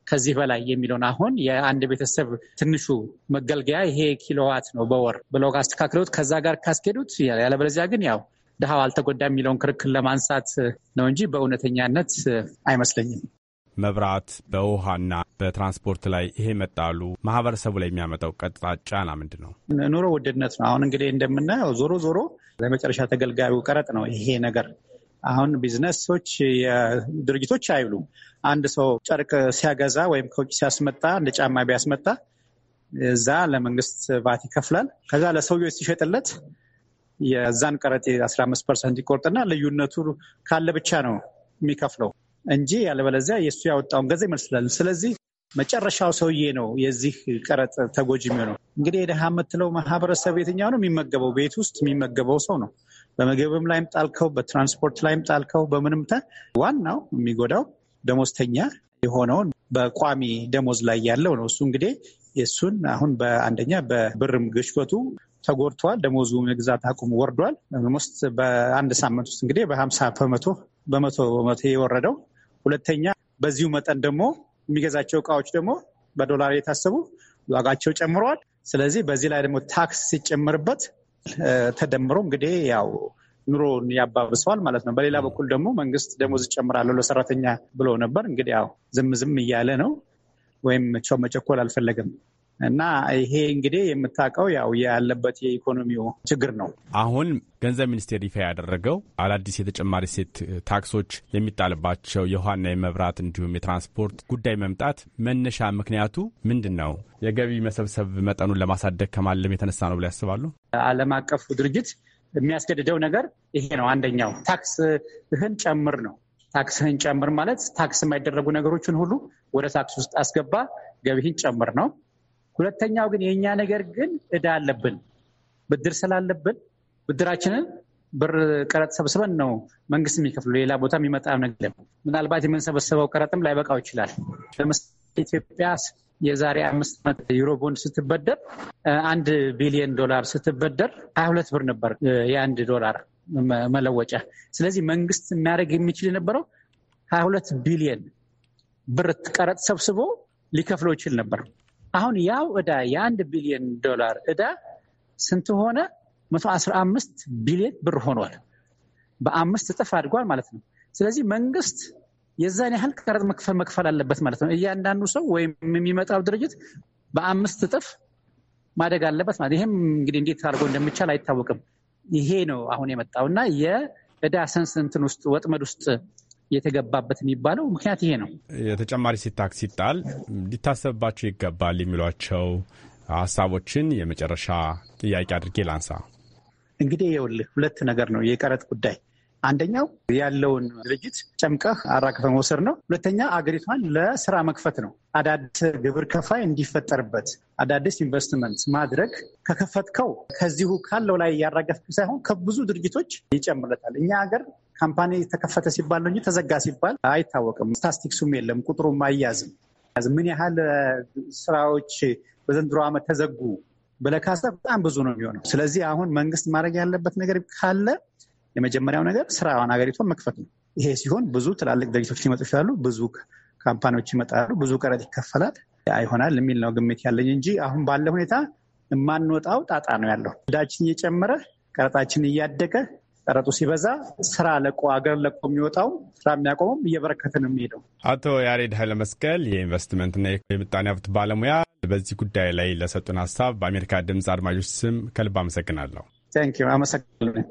ከዚህ በላይ የሚለውን አሁን የአንድ ቤተሰብ ትንሹ መገልገያ ይሄ ኪሎዋት ነው በወር ብለው አስተካክለውት ከዛ ጋር ካስኬዱት፣ ያለበለዚያ ግን ያው ድሃው አልተጎዳም የሚለውን ክርክር ለማንሳት ነው እንጂ በእውነተኛነት አይመስለኝም። መብራት በውሃና በትራንስፖርት ላይ ይሄ መጣሉ ማህበረሰቡ ላይ የሚያመጣው ቀጥታ ጫና ምንድን ነው? ኑሮ ውድነት ነው። አሁን እንግዲህ እንደምናየው ዞሮ ዞሮ ለመጨረሻ ተገልጋዩ ቀረጥ ነው ይሄ ነገር አሁን ቢዝነሶች ድርጅቶች አይብሉም። አንድ ሰው ጨርቅ ሲያገዛ ወይም ከውጭ ሲያስመጣ እንደ ጫማ ቢያስመጣ እዛ ለመንግስት ቫት ይከፍላል። ከዛ ለሰውዬው ሲሸጥለት የዛን ቀረጥ 15 ፐርሰንት ይቆርጥና ልዩነቱ ካለ ብቻ ነው የሚከፍለው እንጂ ያለበለዚያ የእሱ ያወጣውን ገዛ ይመስላል። ስለዚህ መጨረሻው ሰውዬ ነው የዚህ ቀረጥ ተጎጂ የሚሆነው። እንግዲህ የድሃ የምትለው ማህበረሰብ የትኛው ነው የሚመገበው? ቤት ውስጥ የሚመገበው ሰው ነው። በምግብም ላይም ጣልከው፣ በትራንስፖርት ላይም ጣልከው፣ በምንም ዋናው የሚጎዳው ደሞዝተኛ የሆነውን በቋሚ ደሞዝ ላይ ያለው ነው። እሱ እንግዲህ የእሱን አሁን በአንደኛ በብርም ግሽበቱ ተጎድተዋል። ደሞዙ መግዛት አቁም ወርዷል። ስ በአንድ ሳምንት ውስጥ እንግዲህ በሀምሳ በመቶ በመቶ በመቶ የወረደው ሁለተኛ በዚሁ መጠን ደግሞ የሚገዛቸው እቃዎች ደግሞ በዶላር የታሰቡ ዋጋቸው ጨምረዋል። ስለዚህ በዚህ ላይ ደግሞ ታክስ ሲጨምርበት ተደምሮ እንግዲህ ያው ኑሮን ያባብሰዋል ማለት ነው። በሌላ በኩል ደግሞ መንግስት ደሞዝ እጨምራለሁ ለሰራተኛ ብሎ ነበር። እንግዲህ ያው ዝም ዝም እያለ ነው ወይም መቸኮል አልፈለገም። እና ይሄ እንግዲህ የምታውቀው ያው ያለበት የኢኮኖሚው ችግር ነው። አሁን ገንዘብ ሚኒስቴር ይፋ ያደረገው አዳዲስ የተጨማሪ ሴት ታክሶች የሚጣልባቸው የውሃና የመብራት እንዲሁም የትራንስፖርት ጉዳይ መምጣት መነሻ ምክንያቱ ምንድን ነው? የገቢ መሰብሰብ መጠኑን ለማሳደግ ከማለም የተነሳ ነው ብሎ ያስባሉ? ዓለም አቀፉ ድርጅት የሚያስገድደው ነገር ይሄ ነው። አንደኛው ታክስህን ጨምር ነው። ታክስህን ጨምር ማለት ታክስ የማይደረጉ ነገሮችን ሁሉ ወደ ታክስ ውስጥ አስገባ፣ ገቢህን ጨምር ነው። ሁለተኛው ግን የእኛ ነገር ግን እዳ አለብን። ብድር ስላለብን ብድራችንን ብር ቀረጥ ሰብስበን ነው መንግስት የሚከፍሉ ሌላ ቦታ የሚመጣ ነገር ምናልባት የምንሰበሰበው ቀረጥም ላይበቃው ይችላል። ለምሳሌ ኢትዮጵያ የዛሬ አምስት ዓመት ዩሮ ቦንድ ስትበደር አንድ ቢሊዮን ዶላር ስትበደር ሀያ ሁለት ብር ነበር የአንድ ዶላር መለወጫ። ስለዚህ መንግስት የሚያደርግ የሚችል የነበረው ሀያ ሁለት ቢሊዮን ብር ቀረጥ ሰብስቦ ሊከፍለው ይችል ነበር። አሁን ያው እዳ የአንድ ቢሊዮን ዶላር እዳ ስንት ሆነ? 115 ቢሊዮን ብር ሆኗል። በአምስት እጥፍ አድጓል ማለት ነው። ስለዚህ መንግስት የዛን ያህል ቀረጥ መክፈል መክፈል አለበት ማለት ነው። እያንዳንዱ ሰው ወይም የሚመጣው ድርጅት በአምስት እጥፍ ማደግ አለበት ማለት ይህም እንግዲህ እንዴት አድርጎ እንደሚቻል አይታወቅም። ይሄ ነው አሁን የመጣው እና የእዳ ሰንስ እንትን ውስጥ ወጥመድ ውስጥ የተገባበት የሚባለው ምክንያት ይሄ ነው። የተጨማሪ እሴት ታክስ ሲጣል ሊታሰብባቸው ይገባል የሚሏቸው ሀሳቦችን የመጨረሻ ጥያቄ አድርጌ ላንሳ። እንግዲህ ይኸውልህ ሁለት ነገር ነው የቀረጥ ጉዳይ። አንደኛው ያለውን ድርጅት ጨምቀህ አራግፈ መውሰድ ነው። ሁለተኛ አገሪቷን ለስራ መክፈት ነው። አዳዲስ ግብር ከፋይ እንዲፈጠርበት አዳዲስ ኢንቨስትመንት ማድረግ ከከፈትከው ከዚሁ ካለው ላይ ያራገፍክ ሳይሆን ከብዙ ድርጅቶች ይጨምርለታል። እኛ ሀገር ካምፓኒ ተከፈተ ሲባል ነው እንጂ ተዘጋ ሲባል አይታወቅም። ስታስቲክሱም የለም፣ ቁጥሩም አያዝም። ምን ያህል ስራዎች በዘንድሮ ዓመት ተዘጉ ብለህ በጣም ብዙ ነው የሚሆነው። ስለዚህ አሁን መንግስት ማድረግ ያለበት ነገር ካለ የመጀመሪያው ነገር ስራዋን ሀገሪቷን መክፈት ነው። ይሄ ሲሆን ብዙ ትላልቅ ድርጅቶች ሊመጡ ይችላሉ፣ ብዙ ካምፓኒዎች ይመጣሉ፣ ብዙ ቀረጥ ይከፈላል አይሆናል የሚል ነው ግምት ያለኝ እንጂ አሁን ባለ ሁኔታ የማንወጣው ጣጣ ነው ያለው። ዕዳችን እየጨመረ ቀረጣችን እያደገ ቀረጡ ሲበዛ ስራ ለቆ አገር ለቆ የሚወጣውም ስራ የሚያቆመውም እየበረከተ ነው የሚሄደው። አቶ ያሬድ መስቀል የኢንቨስትመንትና የምጣኔ ሀብት ባለሙያ በዚህ ጉዳይ ላይ ለሰጡን ሀሳብ በአሜሪካ ድምፅ አድማጮች ስም ከልብ አመሰግናለሁ። ቴንኪው አመሰግናለሁ።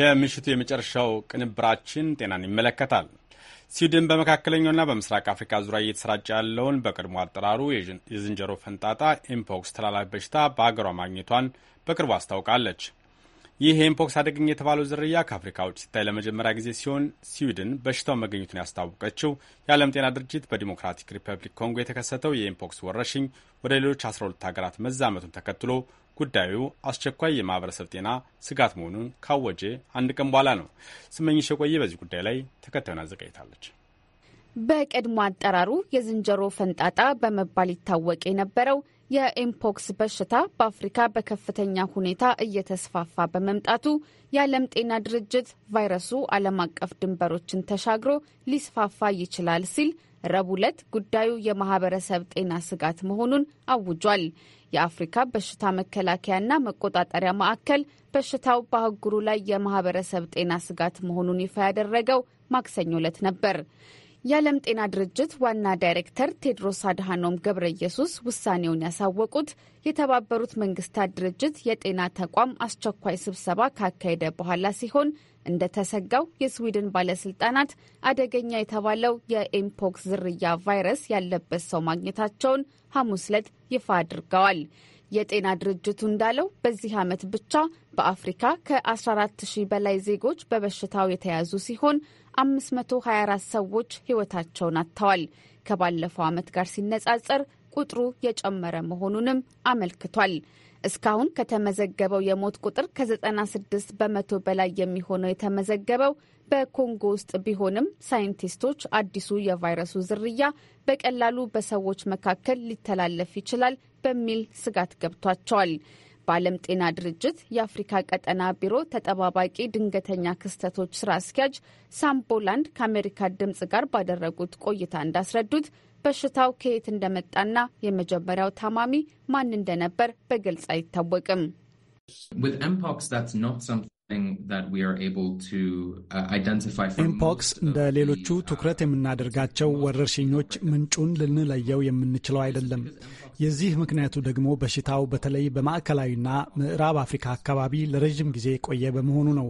የምሽቱ የመጨረሻው ቅንብራችን ጤናን ይመለከታል። ስዊድን በመካከለኛውና በምስራቅ አፍሪካ ዙሪያ እየተሰራጨ ያለውን በቅድሞ አጠራሩ የዝንጀሮ ፈንጣጣ ኤምፖክስ ተላላፊ በሽታ በአገሯ ማግኘቷን በቅርቡ አስታውቃለች። ይህ የኤምፖክስ አደገኛ የተባለው ዝርያ ከአፍሪካ ውጭ ሲታይ ለመጀመሪያ ጊዜ ሲሆን ስዊድን በሽታው መገኘቱን ያስታወቀችው የዓለም ጤና ድርጅት በዲሞክራቲክ ሪፐብሊክ ኮንጎ የተከሰተው የኤምፖክስ ወረርሽኝ ወደ ሌሎች 12 ሀገራት መዛመቱን ተከትሎ ጉዳዩ አስቸኳይ የማህበረሰብ ጤና ስጋት መሆኑን ካወጀ አንድ ቀን በኋላ ነው። ስመኝሽ የቆየ በዚህ ጉዳይ ላይ ተከታዩን አዘጋጅታለች። በቀድሞ አጠራሩ የዝንጀሮ ፈንጣጣ በመባል ይታወቅ የነበረው የኤምፖክስ በሽታ በአፍሪካ በከፍተኛ ሁኔታ እየተስፋፋ በመምጣቱ የዓለም ጤና ድርጅት ቫይረሱ ዓለም አቀፍ ድንበሮችን ተሻግሮ ሊስፋፋ ይችላል ሲል ረቡዕ ዕለት ጉዳዩ የማህበረሰብ ጤና ስጋት መሆኑን አውጇል። የአፍሪካ በሽታ መከላከያና መቆጣጠሪያ ማዕከል በሽታው በአህጉሩ ላይ የማህበረሰብ ጤና ስጋት መሆኑን ይፋ ያደረገው ማክሰኞ ዕለት ነበር። የዓለም ጤና ድርጅት ዋና ዳይሬክተር ቴድሮስ አድሃኖም ገብረ ኢየሱስ ውሳኔውን ያሳወቁት የተባበሩት መንግስታት ድርጅት የጤና ተቋም አስቸኳይ ስብሰባ ካካሄደ በኋላ ሲሆን እንደተሰጋው የስዊድን ባለስልጣናት አደገኛ የተባለው የኤምፖክስ ዝርያ ቫይረስ ያለበት ሰው ማግኘታቸውን ሐሙስ ዕለት ይፋ አድርገዋል። የጤና ድርጅቱ እንዳለው በዚህ ዓመት ብቻ በአፍሪካ ከ14 ሺህ በላይ ዜጎች በበሽታው የተያዙ ሲሆን 524 ሰዎች ሕይወታቸውን አጥተዋል። ከባለፈው ዓመት ጋር ሲነጻጸር ቁጥሩ የጨመረ መሆኑንም አመልክቷል። እስካሁን ከተመዘገበው የሞት ቁጥር ከ96 በመቶ በላይ የሚሆነው የተመዘገበው በኮንጎ ውስጥ ቢሆንም ሳይንቲስቶች አዲሱ የቫይረሱ ዝርያ በቀላሉ በሰዎች መካከል ሊተላለፍ ይችላል በሚል ስጋት ገብቷቸዋል። በዓለም ጤና ድርጅት የአፍሪካ ቀጠና ቢሮ ተጠባባቂ ድንገተኛ ክስተቶች ስራ አስኪያጅ ሳምቦላንድ ከአሜሪካ ድምፅ ጋር ባደረጉት ቆይታ እንዳስረዱት በሽታው ከየት እንደመጣና የመጀመሪያው ታማሚ ማን እንደነበር በግልጽ አይታወቅም። ኢምፖክስ uh, እንደ ሌሎቹ ትኩረት የምናደርጋቸው ወረርሽኞች ምንጩን ልንለየው የምንችለው አይደለም። የዚህ ምክንያቱ ደግሞ በሽታው በተለይ በማዕከላዊና ምዕራብ አፍሪካ አካባቢ ለረዥም ጊዜ የቆየ በመሆኑ ነው።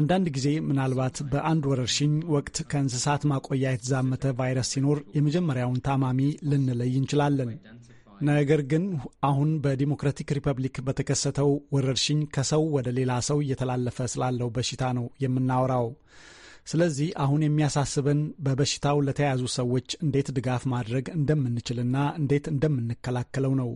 አንዳንድ ጊዜ ምናልባት በአንድ ወረርሽኝ ወቅት ከእንስሳት ማቆያ የተዛመተ ቫይረስ ሲኖር የመጀመሪያውን ታማሚ ልንለይ እንችላለን። ነገር ግን አሁን በዲሞክራቲክ ሪፐብሊክ በተከሰተው ወረርሽኝ ከሰው ወደ ሌላ ሰው እየተላለፈ ስላለው በሽታ ነው የምናወራው። ስለዚህ አሁን የሚያሳስበን በበሽታው ለተያዙ ሰዎች እንዴት ድጋፍ ማድረግ እንደምንችልና እንዴት እንደምንከላከለው ነው።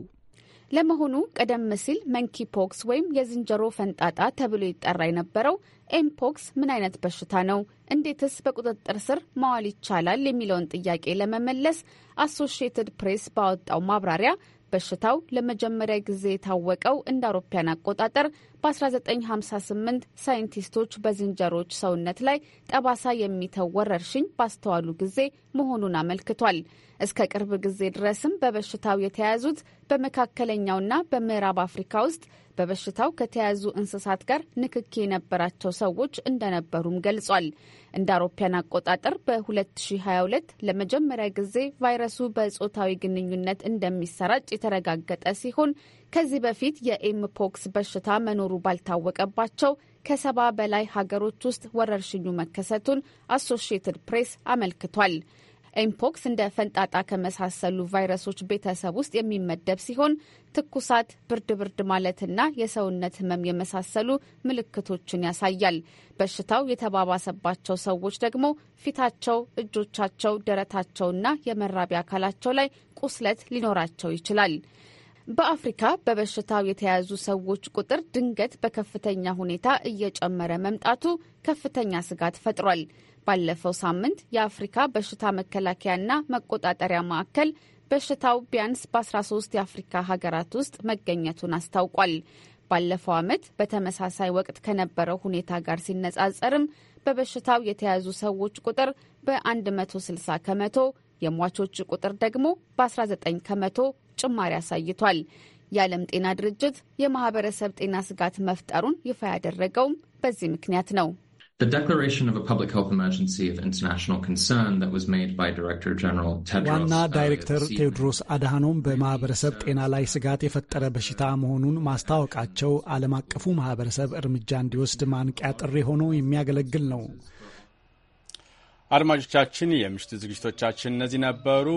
ለመሆኑ ቀደም ሲል መንኪ ፖክስ ወይም የዝንጀሮ ፈንጣጣ ተብሎ ይጠራ የነበረው ኤምፖክስ ምን አይነት በሽታ ነው? እንዴትስ በቁጥጥር ስር ማዋል ይቻላል? የሚለውን ጥያቄ ለመመለስ አሶሺየትድ ፕሬስ ባወጣው ማብራሪያ በሽታው ለመጀመሪያ ጊዜ የታወቀው እንደ አውሮፓያን አቆጣጠር በ1958 ሳይንቲስቶች በዝንጀሮች ሰውነት ላይ ጠባሳ የሚተው ወረርሽኝ ባስተዋሉ ጊዜ መሆኑን አመልክቷል። እስከ ቅርብ ጊዜ ድረስም በበሽታው የተያዙት በመካከለኛውና በምዕራብ አፍሪካ ውስጥ በበሽታው ከተያዙ እንስሳት ጋር ንክኪ የነበራቸው ሰዎች እንደነበሩም ገልጿል። እንደ አውሮፓያን አቆጣጠር በ2022 ለመጀመሪያ ጊዜ ቫይረሱ በጾታዊ ግንኙነት እንደሚሰራጭ የተረጋገጠ ሲሆን ከዚህ በፊት የኤምፖክስ በሽታ መኖሩ ባልታወቀባቸው ከሰባ በላይ ሀገሮች ውስጥ ወረርሽኙ መከሰቱን አሶሺየትድ ፕሬስ አመልክቷል። ኤምፖክስ እንደ ፈንጣጣ ከመሳሰሉ ቫይረሶች ቤተሰብ ውስጥ የሚመደብ ሲሆን ትኩሳት፣ ብርድ ብርድ ማለትና የሰውነት ህመም የመሳሰሉ ምልክቶችን ያሳያል። በሽታው የተባባሰባቸው ሰዎች ደግሞ ፊታቸው፣ እጆቻቸው፣ ደረታቸውና የመራቢያ አካላቸው ላይ ቁስለት ሊኖራቸው ይችላል። በአፍሪካ በበሽታው የተያዙ ሰዎች ቁጥር ድንገት በከፍተኛ ሁኔታ እየጨመረ መምጣቱ ከፍተኛ ስጋት ፈጥሯል። ባለፈው ሳምንት የአፍሪካ በሽታ መከላከያና መቆጣጠሪያ ማዕከል በሽታው ቢያንስ በ13 የአፍሪካ ሀገራት ውስጥ መገኘቱን አስታውቋል። ባለፈው ዓመት በተመሳሳይ ወቅት ከነበረው ሁኔታ ጋር ሲነጻጸርም በበሽታው የተያዙ ሰዎች ቁጥር በ160 ከመቶ፣ የሟቾች ቁጥር ደግሞ በ19 ከመቶ ጭማሪ አሳይቷል። የዓለም ጤና ድርጅት የማህበረሰብ ጤና ስጋት መፍጠሩን ይፋ ያደረገውም በዚህ ምክንያት ነው። The declaration of a public health emergency of international concern that was made by Director General Tedros ዋና ዳይሬክተር ቴዎድሮስ አድሃኖም በማህበረሰብ ጤና ላይ ስጋት የፈጠረ በሽታ መሆኑን ማስታወቃቸው ዓለም አቀፉ ማህበረሰብ እርምጃ እንዲወስድ ማንቂያ ጥሪ ሆኖ የሚያገለግል ነው። አድማጮቻችን፣ የምሽቱ ዝግጅቶቻችን እነዚህ ነበሩ።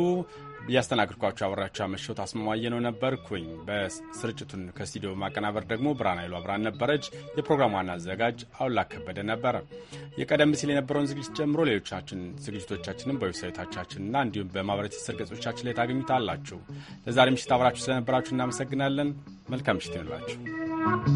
እያስተናግድኳቸው አብራቸው ያመሸሁት አስማማየ ነው ነበርኩኝ። በስርጭቱን ከስቱዲዮ ማቀናበር ደግሞ ብርሃን ኃይሉ አብራን ነበረች። የፕሮግራሙ ዋና አዘጋጅ አውላ ከበደ ነበረ። የቀደም ሲል የነበረውን ዝግጅት ጨምሮ ሌሎቻችን ዝግጅቶቻችንም በዌብሳይቶቻችንና እንዲሁም በማህበራዊ ትስስር ገጾቻችን ላይ ታገኙታላችሁ። ለዛሬ ምሽት አብራችሁ ስለነበራችሁ እናመሰግናለን። መልካም ምሽት ይሁንላችሁ።